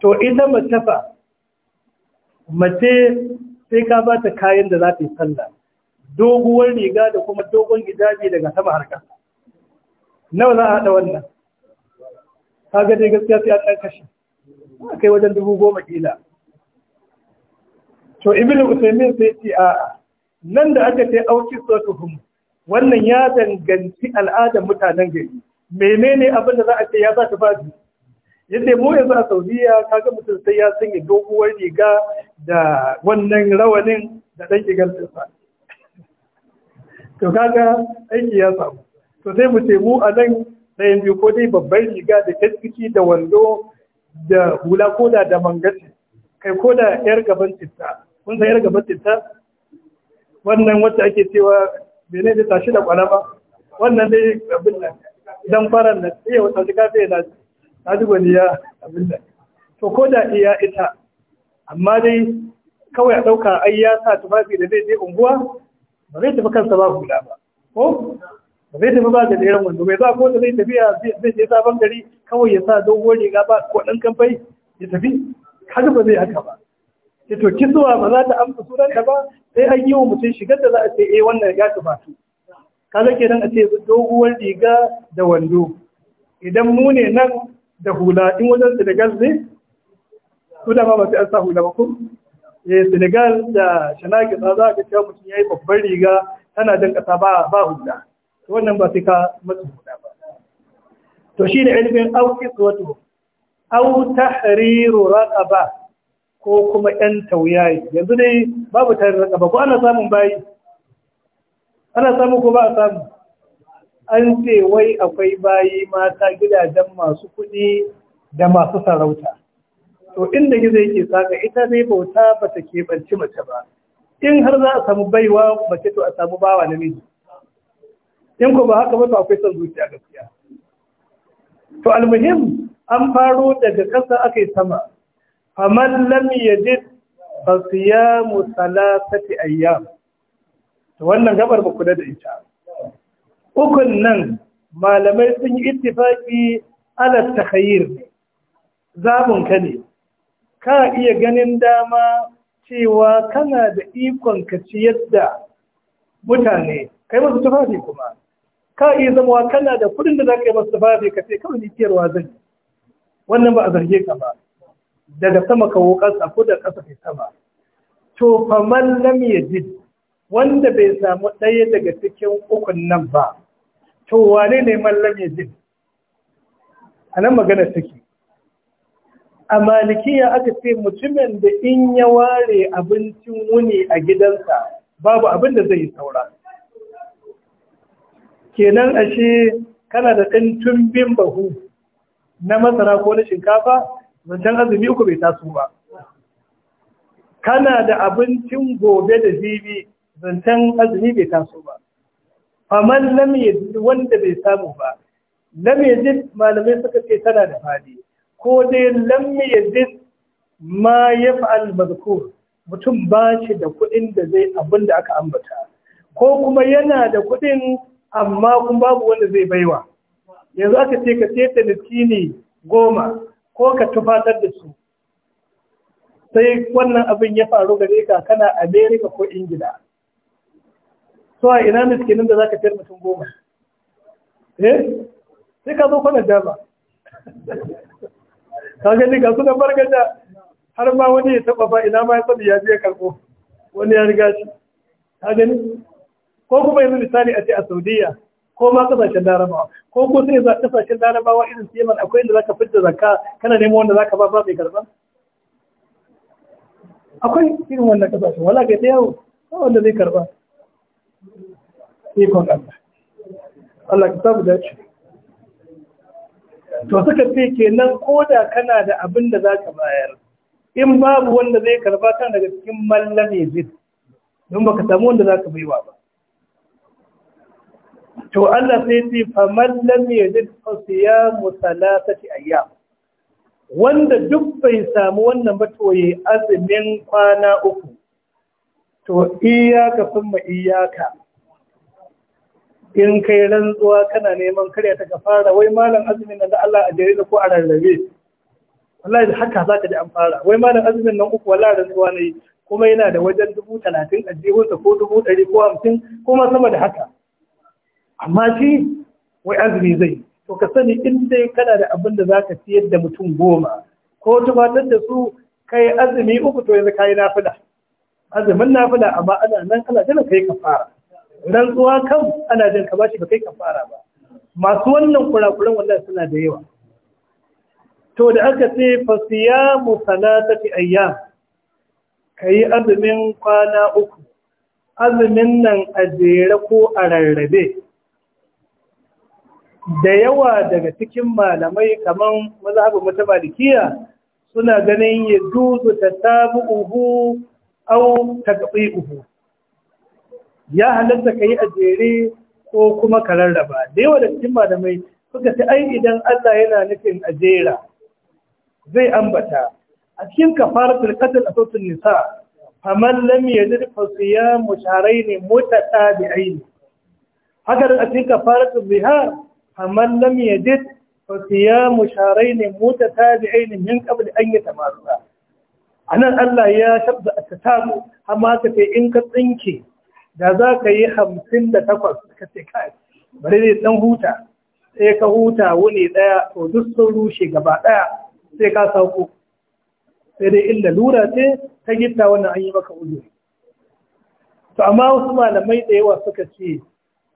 to ita mace fa mace sai ka ba ta kayan da za ta yi sallah doguwar riga da kuma dogon gidaje daga sama harka. nawa za a haɗa wannan ga dai gaskiya sai an ɗan kashe kai wajen dubu goma kila to ibnu usaymin sai ce a nan da aka ce auki sotuhum wannan ya danganci al'adar mutanen gari menene abin da za a ce ya sa tufafi yadda mu yanzu a saudiya kaga mutum sai ya sanya doguwar riga da wannan rawanin da ɗan sa to kaga aiki ya samu to sai mu ce mu a nan ɗayan biyu ko dai babban riga da kyaskiki da wando da hula koda da mangaci kai koda yar gaban citta kun sayar yar gaban titta wannan wacce ake cewa bene da tashi da kwalama wannan dai abin nan dan faran nan iya wata ta kafe na ta ji gwani ya abin nan to ko da iya ita amma dai kawai a ɗauka ai ya sa tufafi da zai je unguwa ba zai tafi kansa ba hula ba ko ba zai tafi ba da ɗeran wando mai za ko da zai tafiya zai je sabon gari kawai ya sa dogon riga ba ko ɗan kamfai ya tafi kaga ba zai haka ba to zuwa ba za ta amsa sunan da ba sai an yi wa mutum shigar da za a ce eh wannan ya tufatu ga kenan a ce doguwar riga da wando idan mu ne nan da hula in wajen Senegal ne su da ma ba sai an sa hula ba ko eh Senegal da Shanaki za za ka cewa mutum yayi babbar riga tana dan kasa ba ba hula to wannan ba sai ka matsu hula ba to shi ne ilimin auki tsawatu au tahriru raqaba ko kuma ‘yan tauyayi yanzu dai babu tare da ƙafa ko ana samun bayi ana samun ko ba a samu an ce wai akwai bayi mata gidajen masu kuɗi da masu sarauta to inda gizo yake saka ita ne bauta ba ta keɓanci mace ba in har za a samu baiwa mace to a samu bawa namiji in ko ba haka ba to akwai son zuciya gaskiya to almuhim an faro daga ƙasa aka yi sama faman lam yajid fa siyamu thalathati ayyam to wannan gabar ba kula da ita ukun nan malamai sun yi ittifaki ala takhayyir zabun ka ne ka iya ganin dama cewa kana da ikon ka da mutane kai masu tufafi kuma ka iya zama kana da kudin da za ka yi masu tufafi ka ce kawai ni ciyarwa zan yi wannan ba a zarge ka ba daga sama kawo ƙasa ko da ƙasa ke sama to faman lam yajid wanda bai samu ɗaya daga cikin ukun nan ba to wane ne man lam yajid a nan magana take a malikiya aka ce mutumin da in ya ware abincin wuni a gidansa babu abin da zai saura kenan ashe kana da ɗan tumbin bahu na masara ko na shinkafa zancen azumi uku bai taso ba kana da abincin gobe da zibi zancen azumi bai taso ba faman lam wanda bai samu ba lam yajid malamai suka ce tana da fadi ko dai lam yajid ma ya fi mazkur mutum ba shi da kuɗin da zai abin da aka ambata ko kuma yana da kuɗin amma kuma babu wanda zai baiwa yanzu aka ce ka ce taliti ne goma ko ka tufatar da su sai wannan abin ya faru gare ka kana Amerika ko Ingila so a ina miskinin da ka tayar mutum goma eh sai ka zo kwanar dama ka gani ka suna bargaja har ma wani ya taba fa ina ma ya sani ya biya karbo wani ya riga shi ka gani ko kuma yanzu misali a ce a Saudiya ko ma kasashen larabawa ko ko sai za kasashen larabawa irin su yaman akwai inda zaka fita zakka kana nemo wanda zaka ba ba mai karba akwai irin wannan kasashen wala kai yawo ba wanda zai karba ikon Allah Allah ka da shi to suka ce kenan ko da kana da abin da zaka bayar in babu wanda zai karba kan daga cikin mallame zai don baka samu wanda zaka baiwa ba to Allah sai ce faman lam yajid fa siyamu thalathati ayyam wanda duk bai samu wannan ba to yi azumin kwana uku to iyaka thumma iyaka in kai rantsuwa kana neman karya ta fara wai malam azumin nan da Allah a jere ko a rarrabe wallahi haka zaka ji an fara wai malam azumin nan uku wallahi rantsuwa ne kuma yana da wajen dubu talatin a jihunsa ko dubu ɗari ko hamsin kuma sama da haka amma shi wai azumi zai to ka sani in dai kana da abin da zaka siyar da mutum goma ko tubatar da su kai azumi uku to yanzu kai nafila azumin nafila amma ana nan kana jin kai kafara rantsuwa kan ana jin ka bashi ba kai kafara ba masu wannan kurakuran wallahi suna da yawa to da aka ce fa siyamu salatati ayyam kai azumin kwana uku azumin nan a jere ko a rarrabe da yawa daga cikin malamai kamar mazhabin mata malikiya suna ganin ya duzu ta tabu uhu au ta gaɓi uhu ya halatta ka yi a jere ko kuma ka rarraba da yawa daga cikin malamai suka ce ai idan Allah yana nufin a jera zai ambata a cikin kafaratul qatl a sautin nisa faman lam ne fa siyam mutatabi'ain haka da cikin kafaratul bihar فمن لم يجد فصيام شهرين متتابعين من قبل أن يتماسا anan Allah ya shabda a amma ka ce in ka tsinke da za ka yi hamsin da takwas ka ce kai bari ne dan huta sai ka huta wuni daya to duk sun rushe gaba daya sai ka sauko sai dai in lura ce ta gitta wannan an yi maka uzuri to amma wasu malamai da yawa suka ce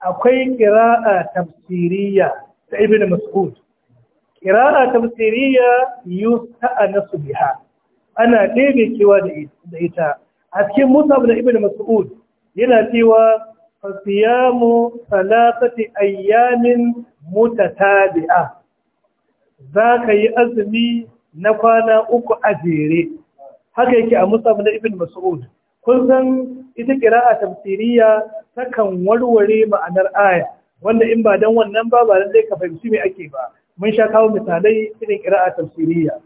akwai ƙira'a tafsiriya ta ibn mas'ud ƙira'a tafsiriya yusta'anasu biha ana ɗebe kiwa da ita a cikin musa da ibn mas'ud yana cewa fasiyamu salatati ayyamin mutatabi'a za ka yi azumi na kwana uku a jere haka yake a musa da ibn mas'ud kun san ita kira'a tafsiriya takan warware ma'anar aya wanda in ba dan wannan ba ba lallai ka fahimci me ake ba mun sha kawo misalai irin kira'a tafsiriya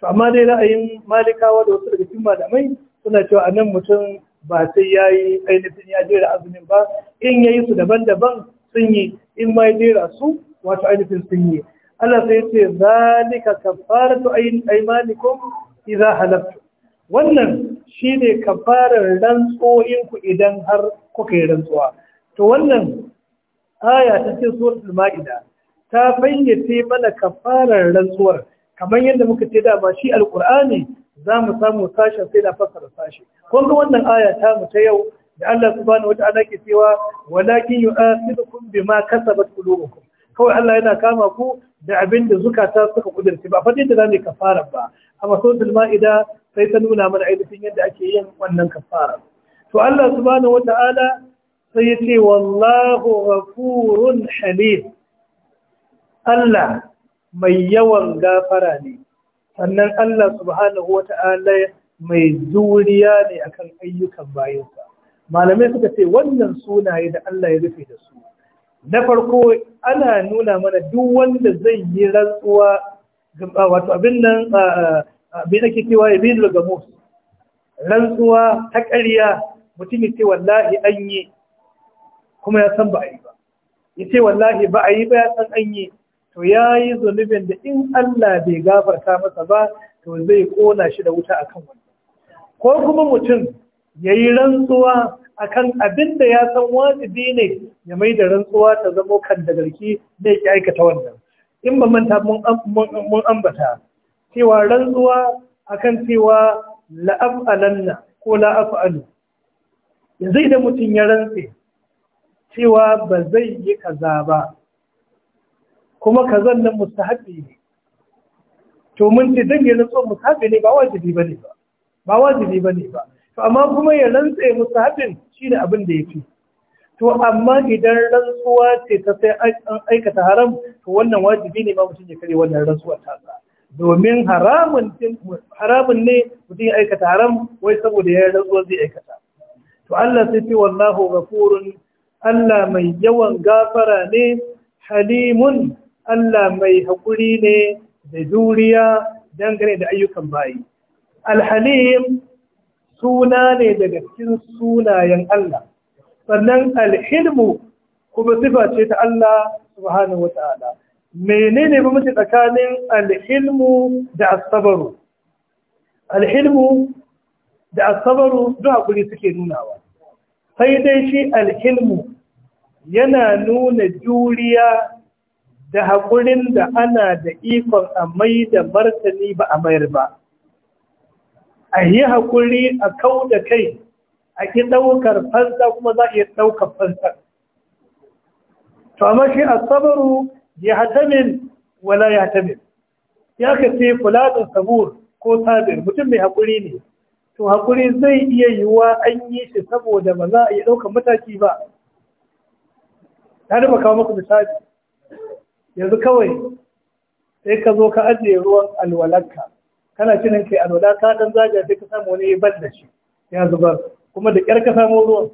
to amma dai ra'ayin malikawa da wasu daga cikin malamai suna cewa a nan mutum ba sai ya yi ainihin ya jera azumin ba in ya yi su daban-daban sun yi in ma ya jera su wato ainihin sun yi Allah sai ya ce zalika kafaratu aymanikum idza halaftu wannan shine kafarar rantsoyin ku idan har kuka yi rantsuwa to wannan aya ta ce suwar ma'ida ta fayyace mana kafarar rantsuwar kamar yadda muka ce dama shi alkur'ani za mu samu sashen sai da fassara sashe kun ga wannan aya ta mu ta yau da Allah subhanahu wata ke cewa walakin yu'akhidukum bima kasabat qulubukum kawai Allah yana kama ku da abin da zukata suka kudurci ba fadin da ka kafara ba amma suratul ma'ida sai ta nuna mana ainihin yadda ake yin wannan kafara to Allah subhanahu wata'ala sai ya ce wallahu ghafurun halim Allah mai yawan gafara ne sannan Allah subhanahu wata'ala mai juriya ne akan ayyukan bayansa malamai suka ce wannan sunaye da Allah ya rufe da su na farko ana nuna mana duk wanda zai yi rantsuwa wato abin nan da ke cewa ya bizu ga mu rantsuwa ta ƙarya mutum ya ce wallahi an yi kuma ya san ba a yi ba ya ce wallahi ba a yi ba ya san an yi to ya yi zunubin da in Allah bai gafarta masa ba to zai ƙona shi da wuta akan wani ko kuma mutum ya yi rantsuwa akan abin da ya san wajibi ne ya mai da rantsuwa ta zamo kan da garki ya aikata wannan in ba manta mun ambata cewa rantsuwa akan cewa la'af'alanna ko la'af'alu yanzu idan mutum ya rantse cewa ba zai yi kaza ba kuma kazan nan mustahabi ne to mun ce dan ya rantsuwa mustahabi ne ba wajibi bane ba ba wajibi bane ba to amma kuma ya rantse mustahabin shine abin da yake to amma idan rantsuwa ce ta sai an aikata haram to wannan wajibi ne ba mutum ya kare wannan rantsuwa ta domin haramun ne mutum ya aikata haram wai saboda ya rantsuwa zai aikata to Allah sai fi wallahu ghafurun Allah mai yawan gafara ne halimun Allah mai haƙuri ne da juriya dangane da ayyukan bayi alhalim suna ne daga cikin sunayen Allah sannan alhilmu kuma sifa ce ta Allah subhanahu wata'ala menene bambanci tsakanin alhilmu da asabaru alhilmu da asabaru duk hakuri suke nunawa sai dai shi alhilmu yana nuna juriya da hakurin da ana da ikon a mai da martani ba a mayar ba a yi hakuri, a kau da kai a ƙi ɗaukar fansa kuma za a iya ɗaukar fansa to amma shi asabaru yahtamin wala yahtamin ya ka fulatun sabur ko sabir mutum mai haƙuri ne to haƙuri zai iya yiwuwa an yi shi saboda ba za a yi ɗaukar mataki ba ta da kawo maka misali yanzu kawai sai ka zo ka ajiye ruwan alwalanka kana cinin kai alwala ka dan zaga sai ka samu wani ban da shi ya zubar kuma da ƙyar ka samu ruwan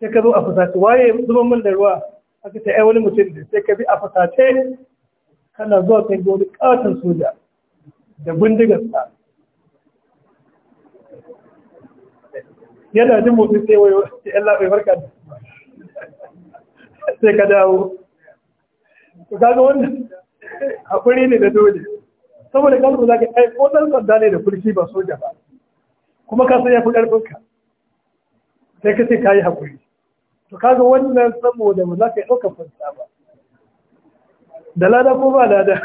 sai ka zo a fusaci waye zuban min da ruwa aka ta wani mutum da sai ka bi a fasace kana zuwa kai ga katon soja da sa yana jin mutum sai wayo sai Allah bai farka sai ka dawo to kaga wannan hakuri ne da dole saboda kalmu zaka kai ko dan sanda ne da kurki ba soja ba kuma ka san ya fi karfin ka sai ka ce kai hakuri to kaga wannan saboda ba za ka yi ɗaukar ba da lada ko ba lada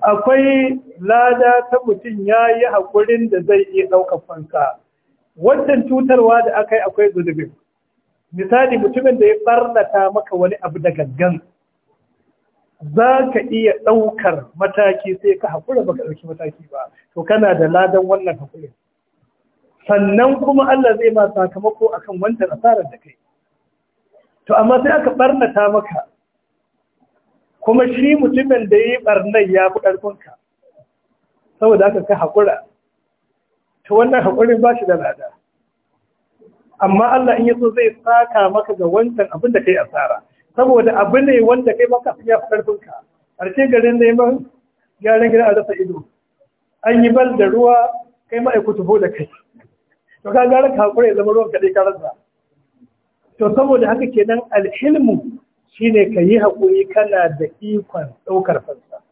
akwai lada ta mutum ya yi haƙurin da zai iya ɗaukar fansa wancan cutarwa da aka yi akwai zunubin misali mutumin da ya ɓarnata maka wani abu da gangan za ka iya ɗaukar mataki sai ka haƙura baka ɗauki mataki ba to kana da ladan wannan haƙurin sannan kuma Allah zai ma sakamako akan wancan asarar da kai to amma sai aka barnata maka kuma shi mutumin da yi barnai ya fi ka saboda aka kai haƙura to wannan haƙurin ba shi da lada amma Allah in yaso zai saka maka ga wancan abin da kai asara saboda abu ne wanda kai maka fiya fi ka ƙarshe garin neman gyaran gida a rasa ido an yi bal da ruwa kai ma'aikutu da kai to ka gara ka zama ruwan kaɗai ka rasa to saboda haka kenan alhilmu shine ka yi haƙuri kana da ikon ɗaukar fansa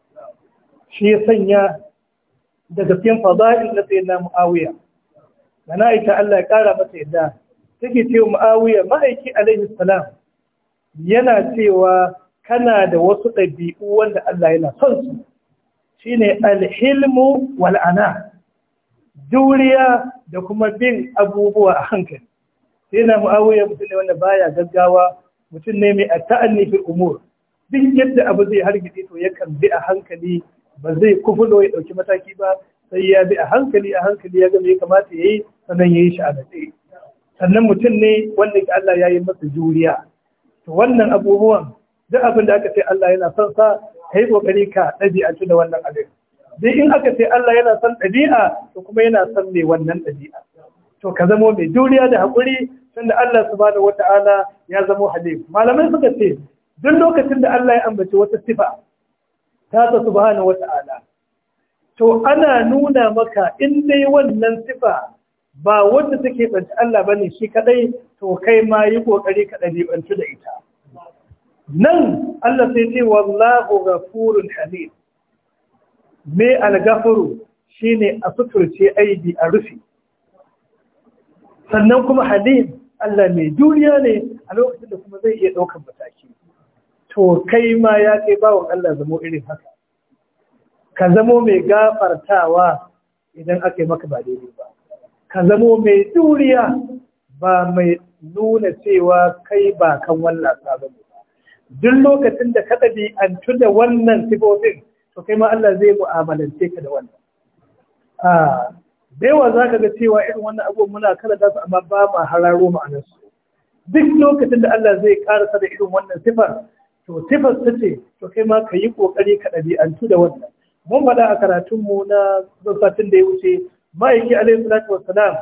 shi ya sanya daga fiyan fada'il na sayyidina mu'awiya mana aita Allah ya ƙara masa yadda take ce mu'awiya ma'aiki alaihi salam yana cewa kana da wasu ɗabi'u wanda Allah yana son su shine alhilmu wal'ana juriya da kuma bin abubuwa a hankali sai na mu'awiya mutum ne wanda baya gaggawa mutum ne mai ta'anni fi umur duk yadda abu zai hargitse to yakan bi a hankali ba zai kufulo ya dauki mataki ba sai ya bi a hankali a hankali ya ga me kamata yi, sannan yayi shi a sannan mutum ne wanda Allah ya yi masa juriya to wannan abubuwan duk abin da aka ce Allah yana son sa kai kokari ka dabi a da wannan abin dai in aka ce Allah yana san ɗabi'a to kuma yana san mai wannan ɗabi'a to ka zamo mai juriya da haƙuri tunda Allah subhanahu wata'ala ya zamo halim malamai suka ce duk lokacin da Allah ya ambaci wata sifa ta ta subhanahu wata'ala to ana nuna maka in dai wannan sifa ba wanda take tsanci Allah ba ne shi kaɗai, to kai ma yi kokari ka dabi'antu da ita nan Allah sai ce wallahu ghafurun halim me algafaru shine a suturce aibi a rufe sannan kuma halim Allah mai juriya ne a lokacin da kuma zai iya ɗaukar mataki to kai ma ya kai wa Allah zamo irin haka ka zamo mai gafartawa idan aka yi maka ba daidai ba ka zamo mai juriya ba mai nuna cewa kai ba kan wallasa ba duk lokacin da ka ɗabi'antu da wannan sifofin to kai ma Allah zai mu'amalance ka da wannan a daiwa za ka ga cewa irin wannan abubuwan muna karanta su amma ba ma hararo su. duk lokacin da Allah zai karasa da irin wannan sifar to sifar ta ce to kai ma ka yi kokari ka ɗabi'antu da wannan mun faɗa a karatunmu na satin da ya wuce ma'aiki alaihi salatu wassalam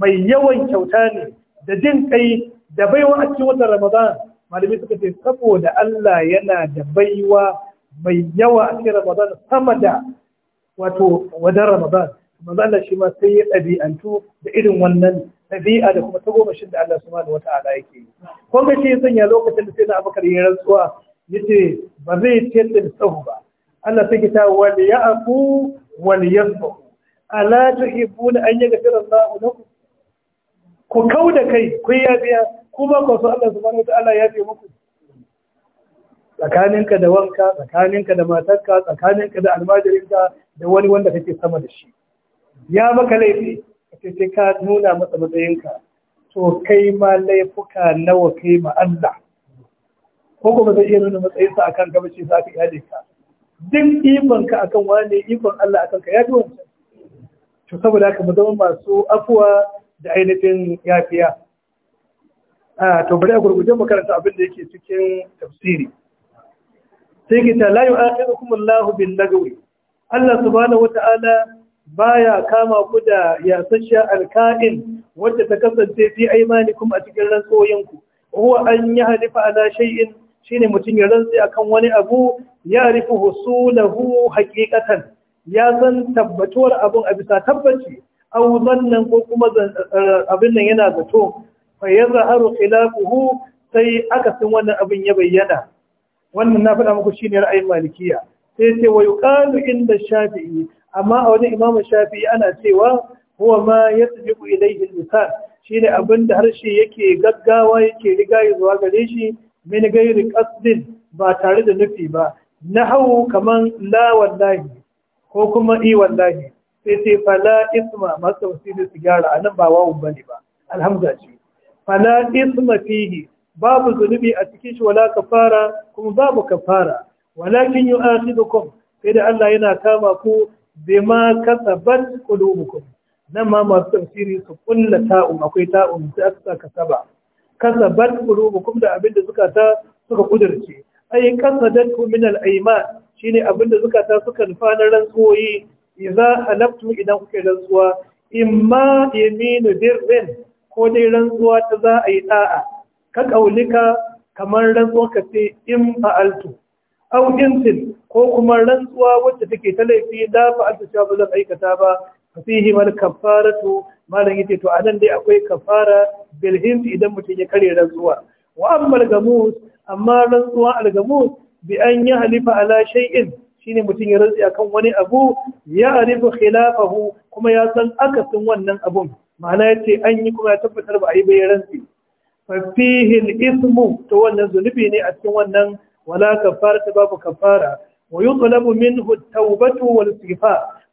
mai yawan kyauta ne da jin kai da baiwa a cikin watan ramadan malamai suka ce saboda Allah yana da baiwa mai yawa a cikin Ramadan sama da wato wadar Ramadan manzo Allah shi ma sai ya ɗabi'antu da irin wannan ɗabi'a da kuma ta shi da Allah subhanahu wata'ala yake yi kun ga shi ya sanya lokacin da sai na Abubakar ya rantsuwa yace ba zai tsaye da tsawo ba Allah sai kita wal ya'fu wal yasfu ala tuhibuna an yaghfira Allah lakum ku kauda kai ku yabiya kuma ku so Allah subhanahu wata'ala ya biya muku tsakaninka da wanka tsakaninka da matarka tsakaninka da almajirinka da wani wanda kake sama da shi ya maka laifi kace sai ka nuna masa matsayinka to kai ma laifuka nawa kai ma Allah ko kuma zai iya nuna matsayinsa akan ka bace za ka yade ka duk ikon ka akan wane ikon Allah akan ka ya fi wancan to saboda haka mu zama masu afuwa da ainihin yafiya a ah, to bari a gurgurje makaranta abin da yake cikin tafsiri sai ki ta la kuma Allahu bin lagwi Allah subhanahu wata'ala baya kama ku da yasasshiya alka'in wadda ta kasance fi kuma a cikin rantsoyinku Uwa an yi halifa ala shay'in shine mutum ya rantsi akan wani abu ya da husulahu hakikatan, ya san tabbatuwar abin a bisa tabbaci aw zannan ko kuma eh, abin nan yana zato fa yazharu khilafuhu sai aka san wannan abin ya bayyana wannan na faɗa muku shine ra'ayin malikiya sai ce wa yuqalu inda shafi'i amma a wajen imam shafi'i ana cewa huwa ma yatbiqu ilayhi al-lisan shine abinda harshe yake gaggawa yake riga zuwa gare shi min ghairi qasdin ba tare da nufi ba hau kaman la wallahi ko kuma i wallahi sai sai fala isma masu tafsirin sigara anan ba wawun bane ba alhamdulillah fala isma fihi babu zunubi a cikin shi wala kafara kuma babu kafara walakin yu'akhidukum sai da Allah yana kama ku bima kasabat qulubukum nan ma ma tafsiri su kulla ta'um akwai ta'um sai aka saka kasabat qulubukum da abinda suka ta suka kudurce ai kasadatku min al-ayman shine abinda suka ta suka nufa na rantsuwoyi idza halaftu idan kuke rantsuwa imma yaminu birrin? ko dai rantsuwa ta za a yi da'a ka ƙaunika kamar rantsuwa ka ce in fa'altu au intin ko kuma rantsuwa wacce take ta laifi da fa'altu cewa ba zan aikata ba fihi mal kafaratu malam yace to anan dai akwai kafara bil idan mutum ya kare rantsuwa wa amma al amma rantsuwa al bi an ya halifa ala shay'in shine mutum ya rantsi akan wani abu ya arifu khilafahu kuma ya san akasin wannan abun ma'ana yace an yi kuma ya tabbatar ba a yi bai ya rantsi fafihin ismu ta wannan zunubi ne a cikin wannan wala kafara ta babu kafara wa yi tsalabu min hutaubatu wal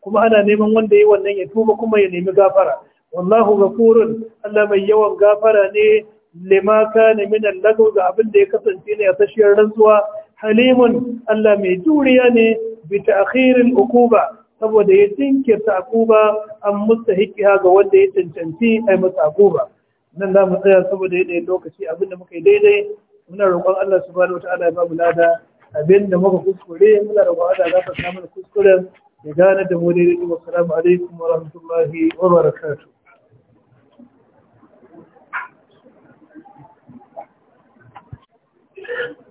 kuma ana neman wanda yi wannan ya tuba kuma ya nemi gafara wallahu gafurun allah mai yawan gafara ne lima ka nemi nan ga abin da ya kasance ne a tashiyar rantsuwa halimun allah mai juriya ne bi ta'khirin okuba. saboda ya tinkirta akuba an mutsa hikiha ga wanda ya cancanci a yi akuba nan za mu tsaya saboda yanayin lokaci abinda muka yi daidai muna roƙon Allah su subhanahu wata ya babu lada abinda muka kuskure muna roƙon Allah ka samu mana kuskuren ya gane da mu daidai wa assalamu alaikum wa rahmatullahi wa barakatuh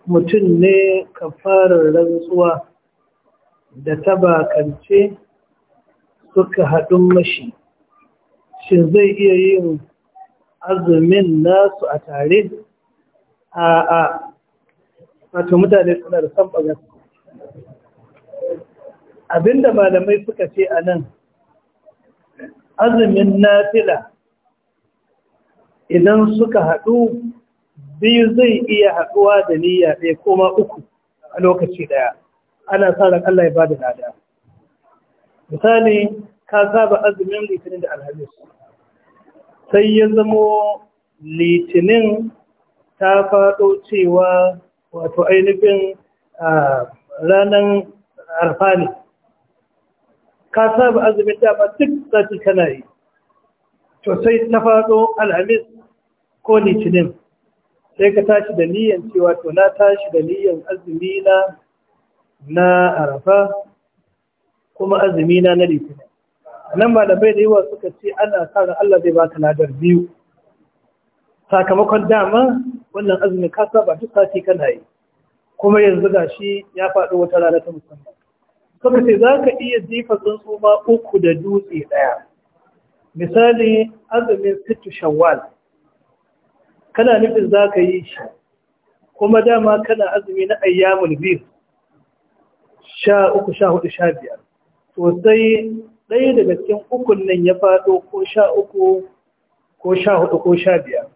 mutum ne ka fara rantsuwa da ta bakance suka haɗu mashi shin zai iya yin azumin nasu a tare a a wato mutane suna da san bagas abinda malamai suka ce a nan azumin nafila idan suka haɗu biyu zai iya haɗuwa da niyya ɗaya koma uku a lokaci ɗaya ana sa ran Allah ya ba da lada misali ka saba azumin litinin da alhamis sai ya zamo litinin ta faɗo cewa wato ainihin ranar arfa ne ka saba azumin dama duk sati kana yi to sai ta faɗo alhamis ko litinin sai ka tashi da niyan cewa to na tashi da niyan azumi na na kuma azumina na litinin nan malamai da yawa suka ce ana sa ran Allah zai ba ta ladar biyu sakamakon dama wannan azumin ka saba duk sati kana yi kuma yanzu gashi ya faɗo wata rana ta musamman kuma sai za ka iya jifa tsuntsu ma uku da dutse ɗaya misali azumin sittu shawwal kana nufin za ka yi shi kuma dama kana azumi na ayyamul biyu sha uku sha hudu sha biyar Sosai. ɗaya daga cikin ukun nan ya faɗo ko sha uku ko sha hudu ko sha biyar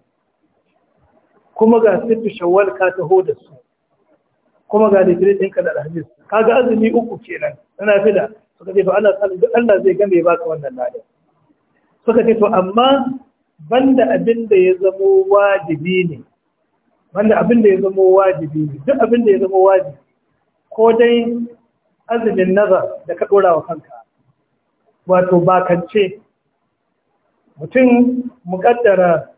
kuma ga sifi shawar ka taho da su kuma ga jirgin ɗinka da alhamis ga azumi uku kenan ana fida suka ce to ana tsarin duk Allah zai gane ba baka wannan ladan suka ce to amma banda abin da ya zamo wajibi ne banda abin da ya zamo wajibi ne duk abin da ya zamo wajibi ko dai azumin nazar da ka ɗora wa kanka wato bakance mutum mukaddara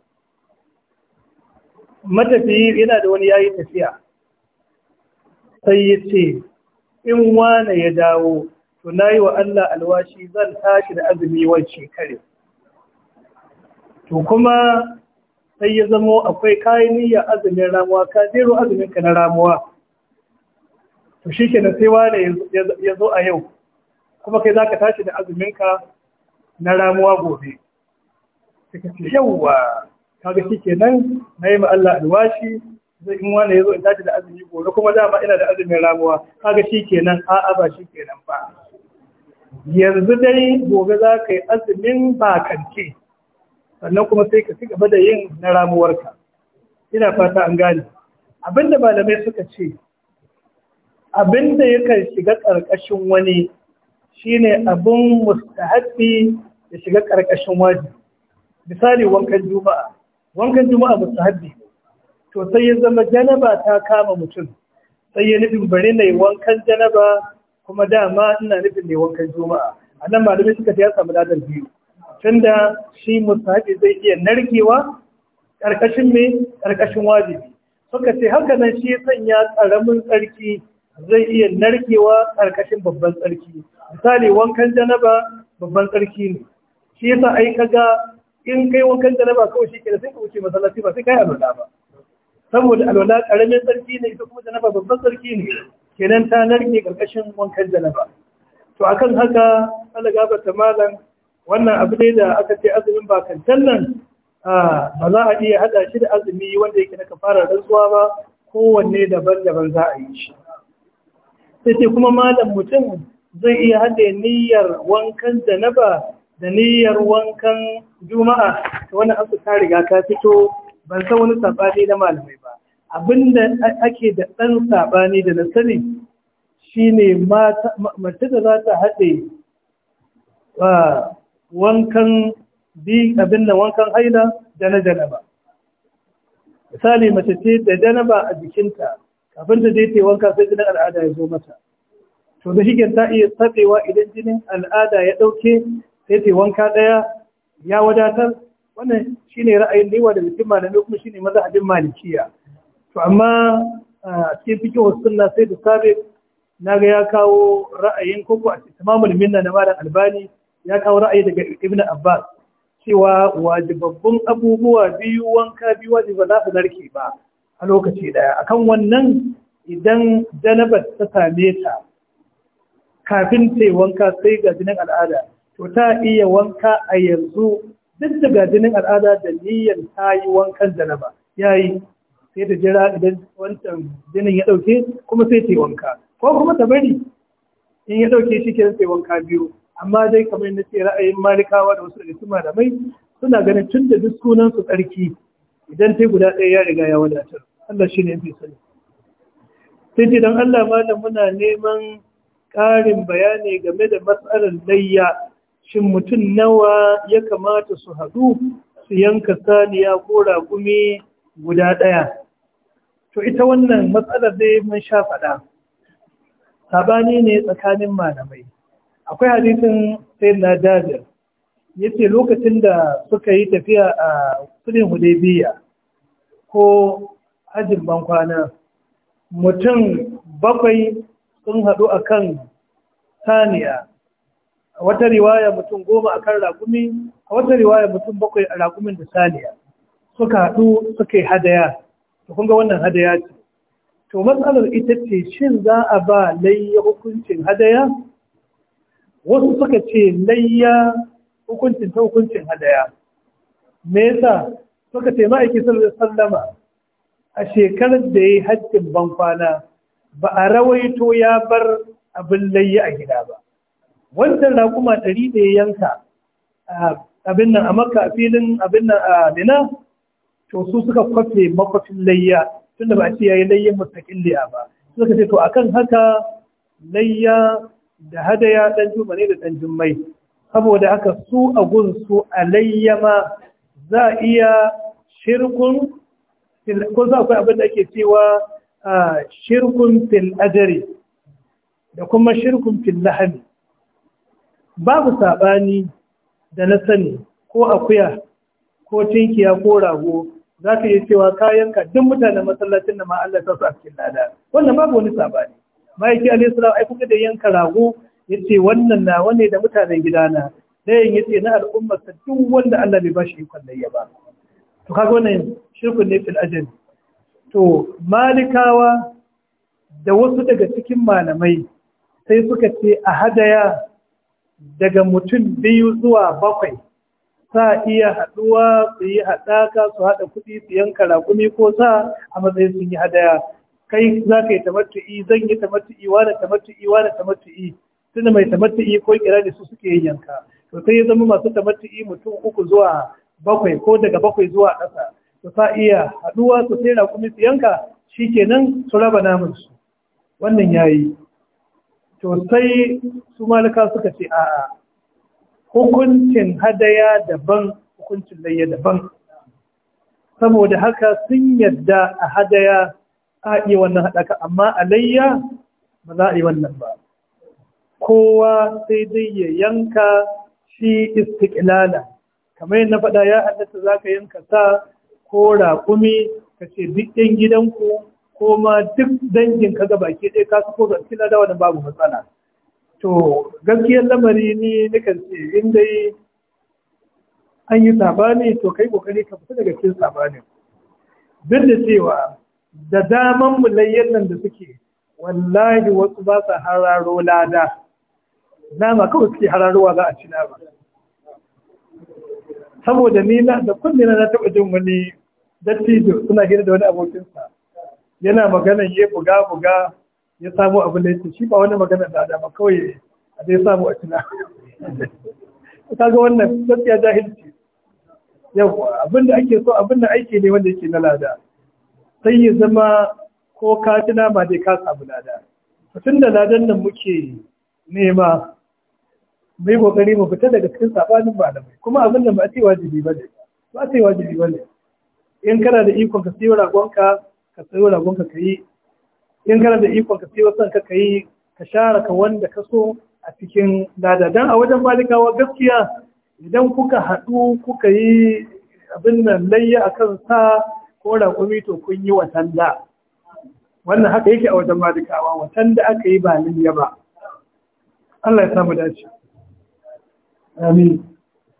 matafiyi yana da wani yayi tafiya sai ya ce in wane ya dawo to na yi wa Allah alwashi zan tashi da azumi wace kare to kuma sai ya zamo akwai kayan niyya azumin ramuwa ka zero azuminka na ramuwa to shi na sai wane ya zo a yau kuma kai za ka tashi da azuminka na ramuwa gobe suka ce yawwa kaga shi kenan na yi Allah alwashi zai in wani ya zo in tashi da azumi gobe kuma dama ina da azumin ramuwa kaga shi kenan a'a ba shi kenan ba yanzu dai gobe za ka yi azumin bakance sannan kuma sai ka ci gaba da yin na ramuwarka ina fata an gane abinda malamai suka ce abinda yakan shiga ƙarƙashin wani shine abin mustahabbi ya shiga ƙarƙashin wajibi misali wankan juma'a wankan juma'a mustahabbi to sai ya zama janaba ta kama mutum sai ya nufin bari ne wankan janaba kuma dama ina nufin ne wankan juma'a a nan malamai suka ya samu ladar biyu tunda shi mustahabi zai iya narkewa ƙarƙashin me ƙarƙashin wajibi suka ce haka nan shi sanya karamin tsarki zai iya narkewa ƙarƙashin babban tsarki misali wankan janaba babban tsarki ne shi yasa ai kaga in kai wankan janaba kawai shi kenan sai ka wuce masallaci ba sai kai alwala ba saboda alwala karamin tsarki ne ita kuma janaba babban tsarki ne kenan ta narke karkashin wankan janaba to akan haka gaba ta malam wannan abu ne da aka ce azumin bakantan nan ba za a iya hada shi da azumi wanda yake na kafara rantsuwa ba kowanne daban-daban za a yi shi sai kuma malam mutum zai iya haɗe niyyar wankan janaba da niyyar wankan juma'a ta wani asu ta riga ta fito ban san wani saɓani na malamai ba abinda ake da ɗan saɓani da na sani shine mace da za ta haɗe wankan bi abin da wankan haila da na janaba misali mace ce da janaba a jikinta kafin ta je ta wanka sai jinin al'ada ya zo mata to da shi ta iya tsatsewa idan jinin al'ada ya ɗauke sai ta wanka ɗaya ya wadatar wannan shine ra'ayin da yawa da mutum malamai kuma shine abin malikiya to amma a cikin fikin suna sai da sabe na ga ya kawo ra'ayin koko a cikin tamamul minna na malam albani ya kawo ra'ayi daga ibn abbas cewa wajibabbun abubuwa biyu wanka biyu ba za su narke ba a lokaci daya akan wannan idan janabar ta same ta kafin ta wanka sai ga jinin al'ada to ta iya wanka a yanzu duk da ga jinin al'ada da niyyar ta yi wankan janaba yi sai ta jira idan wancan jinin ya dauke kuma sai ta yi wanka ko kuma ta bari in ya dauke shi kenan sai wanka biyu amma dai kamar na ce ra'ayin malikawa da wasu daga cikin malamai suna ganin tun da duk sunan su tsarki idan ta guda ɗaya ya riga ya wadatar Allah shi ne ya fi sani sai ce don Allah malam muna neman ƙarin bayani game da matsalar layya shin mutum nawa ya kamata su haɗu su yanka saniya ko raƙumi guda ɗaya to ita wannan matsalar dai mun sha faɗa sabani ne tsakanin malamai akwai hadisin sai na jajir ya ce lokacin da suka yi tafiya a sulhin hudaybiya ko hajjin bankwana mutum bakwai sun haɗu a kan saniya a wata riwaya mutum goma a kan ragumi a wata riwaya mutum bakwai a rakumin da saniya suka haɗu suka yi hadaya da kun wannan hadaya ce to matsalar ita ce shin za a ba layya hukuncin hadaya wasu suka ce layya hukuncin ta hukuncin hadaya me yasa suka ce ma'aikin sallama a shekarar da ya yi hajjin ban kwana ba a rawaito ya bar abin layi a gida ba wancan raƙuma ɗari da ya yanka abin nan a makka filin abin nan a mina to su suka kwafe makwafin layya tunda ba a ce ya yi layya mustaƙin liya ba suka ce to akan haka layya da hadaya ɗan juma ne da ɗan jummai saboda haka su a gunsu a layyama za iya shirkun ko za akwai abin da ake cewa shirkun fil ajari da kuma shirkun fil lahami babu sabani da na sani ko akuya ko tinkiya ko rago za ka iya cewa kayan ka duk mutanen masallacin da ma Allah ta su a cikin lada wannan babu wani saɓani ma'aiki alayhi salam ai kuka da yanka rago yace wannan na wane da mutanen gidana yin yace na al'ummar ta duk wanda Allah bai bashi ikon da ya ba to kaga wannan shirkun ne fil ajali to malikawa da wasu daga cikin malamai sai suka ce a hadaya daga mutum biyu zuwa bakwai sa iya haɗuwa su yi haɗaka su haɗa kuɗi su yanka ragumi ko sa a matsayin sun yi hadaya kai za ka yi tamattu'i zan yi tamattu'i wani tamattu'i wani tamattu'i Suna mai tamattu'i ko kira ne su suke yanka to sai ya zama masu tamattu'i mutum uku zuwa bakwai ko daga bakwai zuwa ƙasa su sa iya haɗuwa su sai kuma su yanka shi kenan su raba namunsu wannan ya yi to sai su malika suka ce a hukuncin hadaya daban hukuncin layya daban saboda haka sun yadda a hadaya a iya wannan haɗaka amma a layya ba za a yi wannan ba kowa sai dai ya yanka shi istiklala kamar yadda faɗa ya haɗata za ka yanka sa ko raƙumi ka ce duk ɗan gidanku ko ma duk dangin ka gaba baki ɗaya ka su ko ga cikin da babu matsala to gaskiyar lamari ni nakan ce in dai an yi sabani to kai kokari ka fita daga cikin sabani. duk da cewa da daman mulayyan nan da suke wallahi wasu ba su hararo lada nama kawai suke hararowa za a ci nama saboda ni na da kunne na taɓa jin wani dattijo suna gina da wani abokinsa yana magana ya buga buga ya samu abu da yake shi ba wani magana da adama kawai a zai samu a tuna ta ga wannan gaskiya jahilci yau abin da ake so abin da aiki ne wanda yake na lada sai ya zama ko ka tuna ma dai ka samu lada tun da ladan nan muke nema mai kokari mu fita daga cikin sabanin malamai kuma abin da ba a ce wajibi ba ne ba a ce wajibi ba ne in kana da ikon ka siyo ragonka ka siyo ragonka ka yi in kana da ikon ka siyo sanka ka yi ka share ka wanda ka so a cikin lada dan a wajen malikawa gaskiya idan kuka haɗu kuka yi abin nan layya akan sa ko raƙumi to kun yi watan da wannan haka yake a wajen malikawa watan da aka yi ba layya ba Allah ya samu dace amin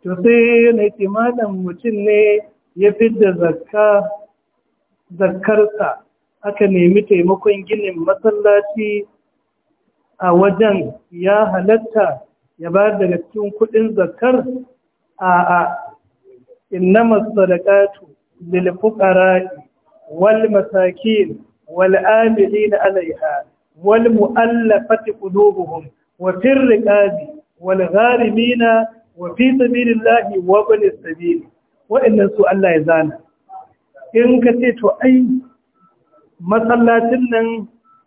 to sai na yi malam mutum ne ya fidda zakka zakkarsa aka nemi taimakon ginin masallaci a wajen ya halatta ya ba daga cikin kudin zakkar a a innama sadaqatu lil fuqara'i wal masakin wal amilina 'alayha wal mu'allafati qulubuhum wa fir riqabi wal gharimina wa fi sabilillahi wa ibn sabil waɗannan su Allah ya zana in ka ce to ai masallacin nan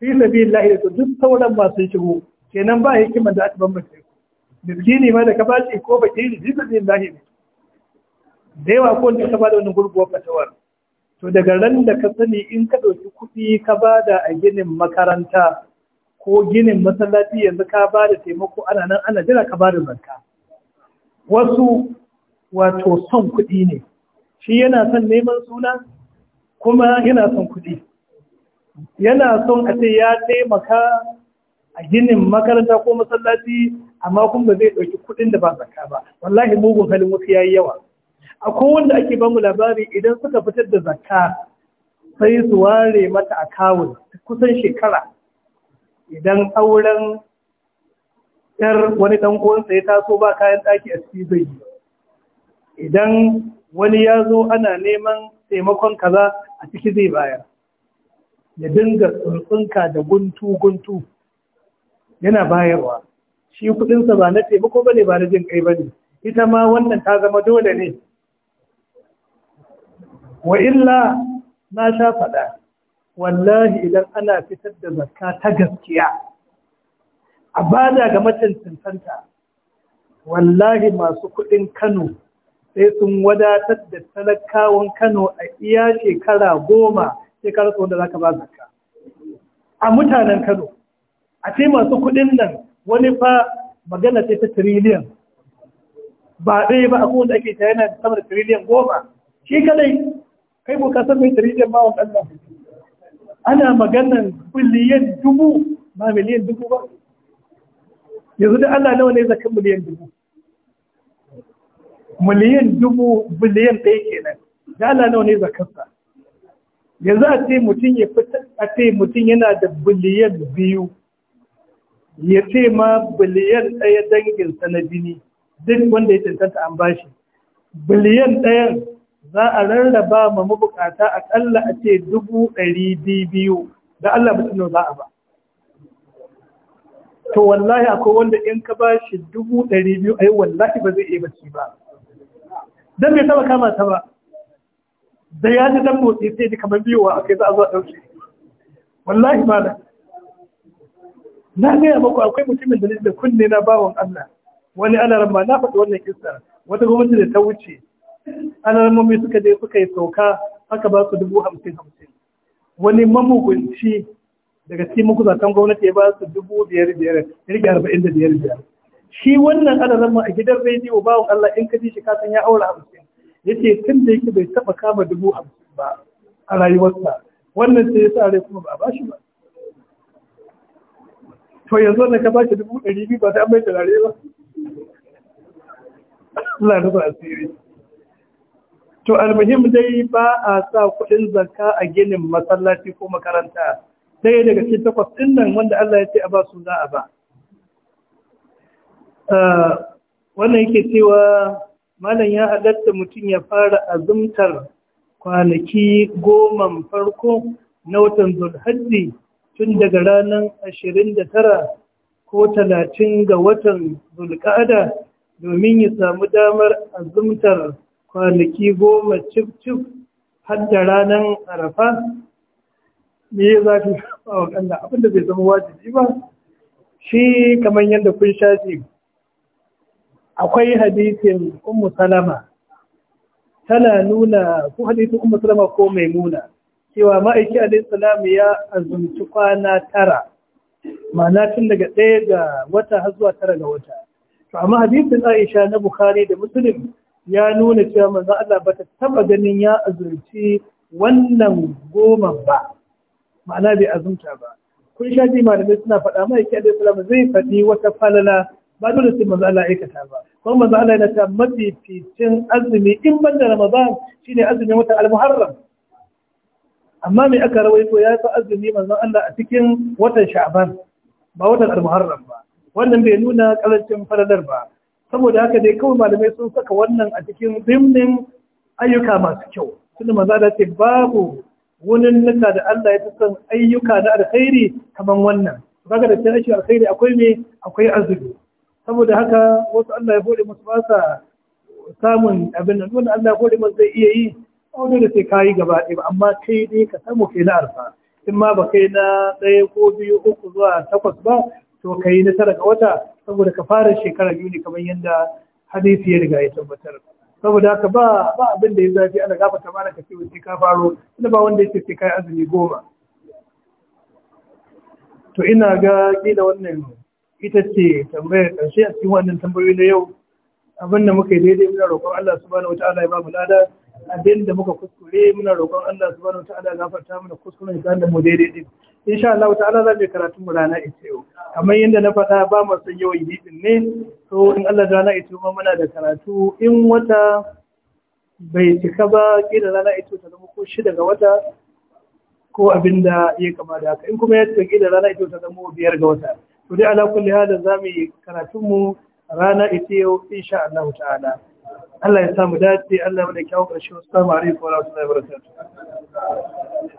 fi sabi lahi da duk sauran masu shigo kenan ba hikimar da aka bambance ne ma da ka bashi ko baki ne fi sabi lahi ne da yawa ko da ka bada wani gurguwar fatawar to daga ran da ka sani in ka ɗauki kuɗi ka bada a ginin makaranta ko ginin masallaci yanzu ka bada taimako ana nan ana jira ka bada zakka wasu wato son kuɗi ne shi yana son neman suna kuma yana son kuɗi yana son a ce ya taimaka a ginin makaranta ko masallaci amma kuma ba zai ɗauki kuɗin da ba zaka ba wallahi mugun halin wasu yi yawa A wanda ake ban mu labari idan suka fitar da zakka sai su ware mata a kawun kusan shekara idan auren yar wani ɗan uwansa ya taso ba kayan ɗaki a ciki zai yi ba. idan wani ya zo ana neman taimakon kaza a ciki zai bayar ya dinga tsuntsunka da guntu-guntu yana bayarwa shi kudinsa ba na taimako bane ba na jin kai bane ita ma wannan ta zama dole ne wa illa na sha faɗa wallahi idan ana fitar da zakka ta gaskiya a bada ga macancin wallahi masu kuɗin kano sai sun wadatar da talakawan Kano a iya shekara goma shekara tsohon da za ka ba zakka. A mutanen Kano, a ce masu kuɗin nan wani fa magana ce ta tiriliyan. Ba ɗaya ba akwai wanda ake ta yana da da tiriliyan goma. Shi kadai, kai ko ka san mai tiriliyan wanda Allah. Ana maganan biliyan dubu ba miliyan dubu ba. Yanzu da Allah nawa ne zakan miliyan dubu. miliyan dubu biliyan ɗaya kenan dala nawa ne zakarsa yanzu a ce mutum ya fita a ce mutum yana da biliyan biyu ya ce ma biliyan ɗaya danginsa na jini duk wanda ya cancanta an bashi biliyan ɗayan za a rarraba ma mabukata akalla a ce dubu ɗari biyu da Allah mutum za a ba to wallahi akwai wanda in ka bashi dubu ɗari biyu ai wallahi ba zai iya bacci ba dan bai taba kama ta ba da ya ji dan motsi sai ji kamar biyowa a kai za a zo a ɗauke wallahi malam na gaya maku akwai mutumin da da kunne na bawan Allah wani ana ramma na faɗi wannan kissa wata gwamnati da ta wuce mai suka je suka yi sauka aka ba su dubu hamsin hamsin wani mamugunci daga cikin mukuzatan gwamnati ya ba su dubu biyar biyar ya rike arba'in da biyar biyar shi wannan alaran ma a gidan rediyo bawon Allah in ka ji shi kasan ya aura hamsin yace tun da yake bai taba kama dubu hamsin ba a rayuwarsa wannan sai ya sa rai kuma ba a bashi ba to yanzu wannan ka bashi dubu ɗari biyu ba ta mai turare ba Allah ba asiri to almuhim dai ba a sa kuɗin zakka a ginin masallaci ko makaranta sai daga cikin takwas ɗin nan wanda Allah ya ce a ba su za a ba wannan yake cewa malam ya halatta mutum ya fara azumtar kwanaki goma farko na watan zulhajji tun daga ranar ashirin da tara ko talatin ga watan zulkada domin ya samu damar azumtar kwanaki goma cif-cif har da ranar arafa me za ka yi abinda bai zama wajibi ba shi kamar yadda kun sha akwai hadisin ummu salama tana nuna ko hadisin ummu salama ko maimuna cewa ma'aiki alayhi salam ya azumci kwana tara ma'ana tun daga ɗaya ga wata har zuwa tara ga wata to amma hadisin Aisha na Bukhari da Muslim ya nuna cewa manzo Allah bata taba ganin ya azumci wannan goma ba ma'ana bai azumta ba kun sha ji malamai suna faɗa mai ke zai faɗi wata falala ba dole sai manzo Allah aikata ba kuma manzo Allah yana ta mafificin azumi in ban da Ramadan shine azumin wata al-Muharram amma me aka rawaito ya fi azumi manzo Allah a cikin watan Sha'ban ba watan al-Muharram ba wannan bai nuna karancin faradar ba saboda haka dai kawai malamai sun saka wannan a cikin zimnin ayyuka masu kyau tunda manzo Allah ce babu wunin nuka da Allah ya fi son ayyuka na alkhairi kamar wannan kaga da cikin alkhairi akwai me akwai azumi saboda haka wasu Allah ya bude masu fasa samun abin nan wanda Allah ya bude masu zai iya yi a wani da sai kayi gaba ɗaya amma kai ne ka samu kai na arfa in ma ba kai na ɗaya ko biyu uku zuwa takwas ba to kai na tara ga wata saboda ka fara shekara biyu ne kamar yadda hadisi ya riga ya tabbatar saboda haka ba ba abin da ya zafi ana gafata mana ka ce sai ka faro ina ba wanda yake sai kai azumi goma to ina ga kila wannan ita ce tambayar ƙarshe a cikin wannan tambayoyi na yau abin da muka yi daidai muna roƙon Allah subhanahu wataala ya ba mu lada abin da muka kuskure muna roƙon Allah subhanahu wataala ya gafarta mana kuskuren ka da mu daidai din insha Allah ta'ala za mu karatu mu rana ita yau kamar yadda na faɗa ba mu san yawan yidin ne to in Allah rana ita yau muna da karatu in wata bai cika ba kila rana ita ta zama ko shida ga wata ko abin da ya kama da haka in kuma ya cika kila rana ita ta zama biyar ga wata to dai ala kulli za mu yi karatun mu rana ita yau insha Allah ta'ala Allah ya samu dace Allah ya bada kyawun ƙarshe wasu alaikum wa rahmatullahi wa barakatuh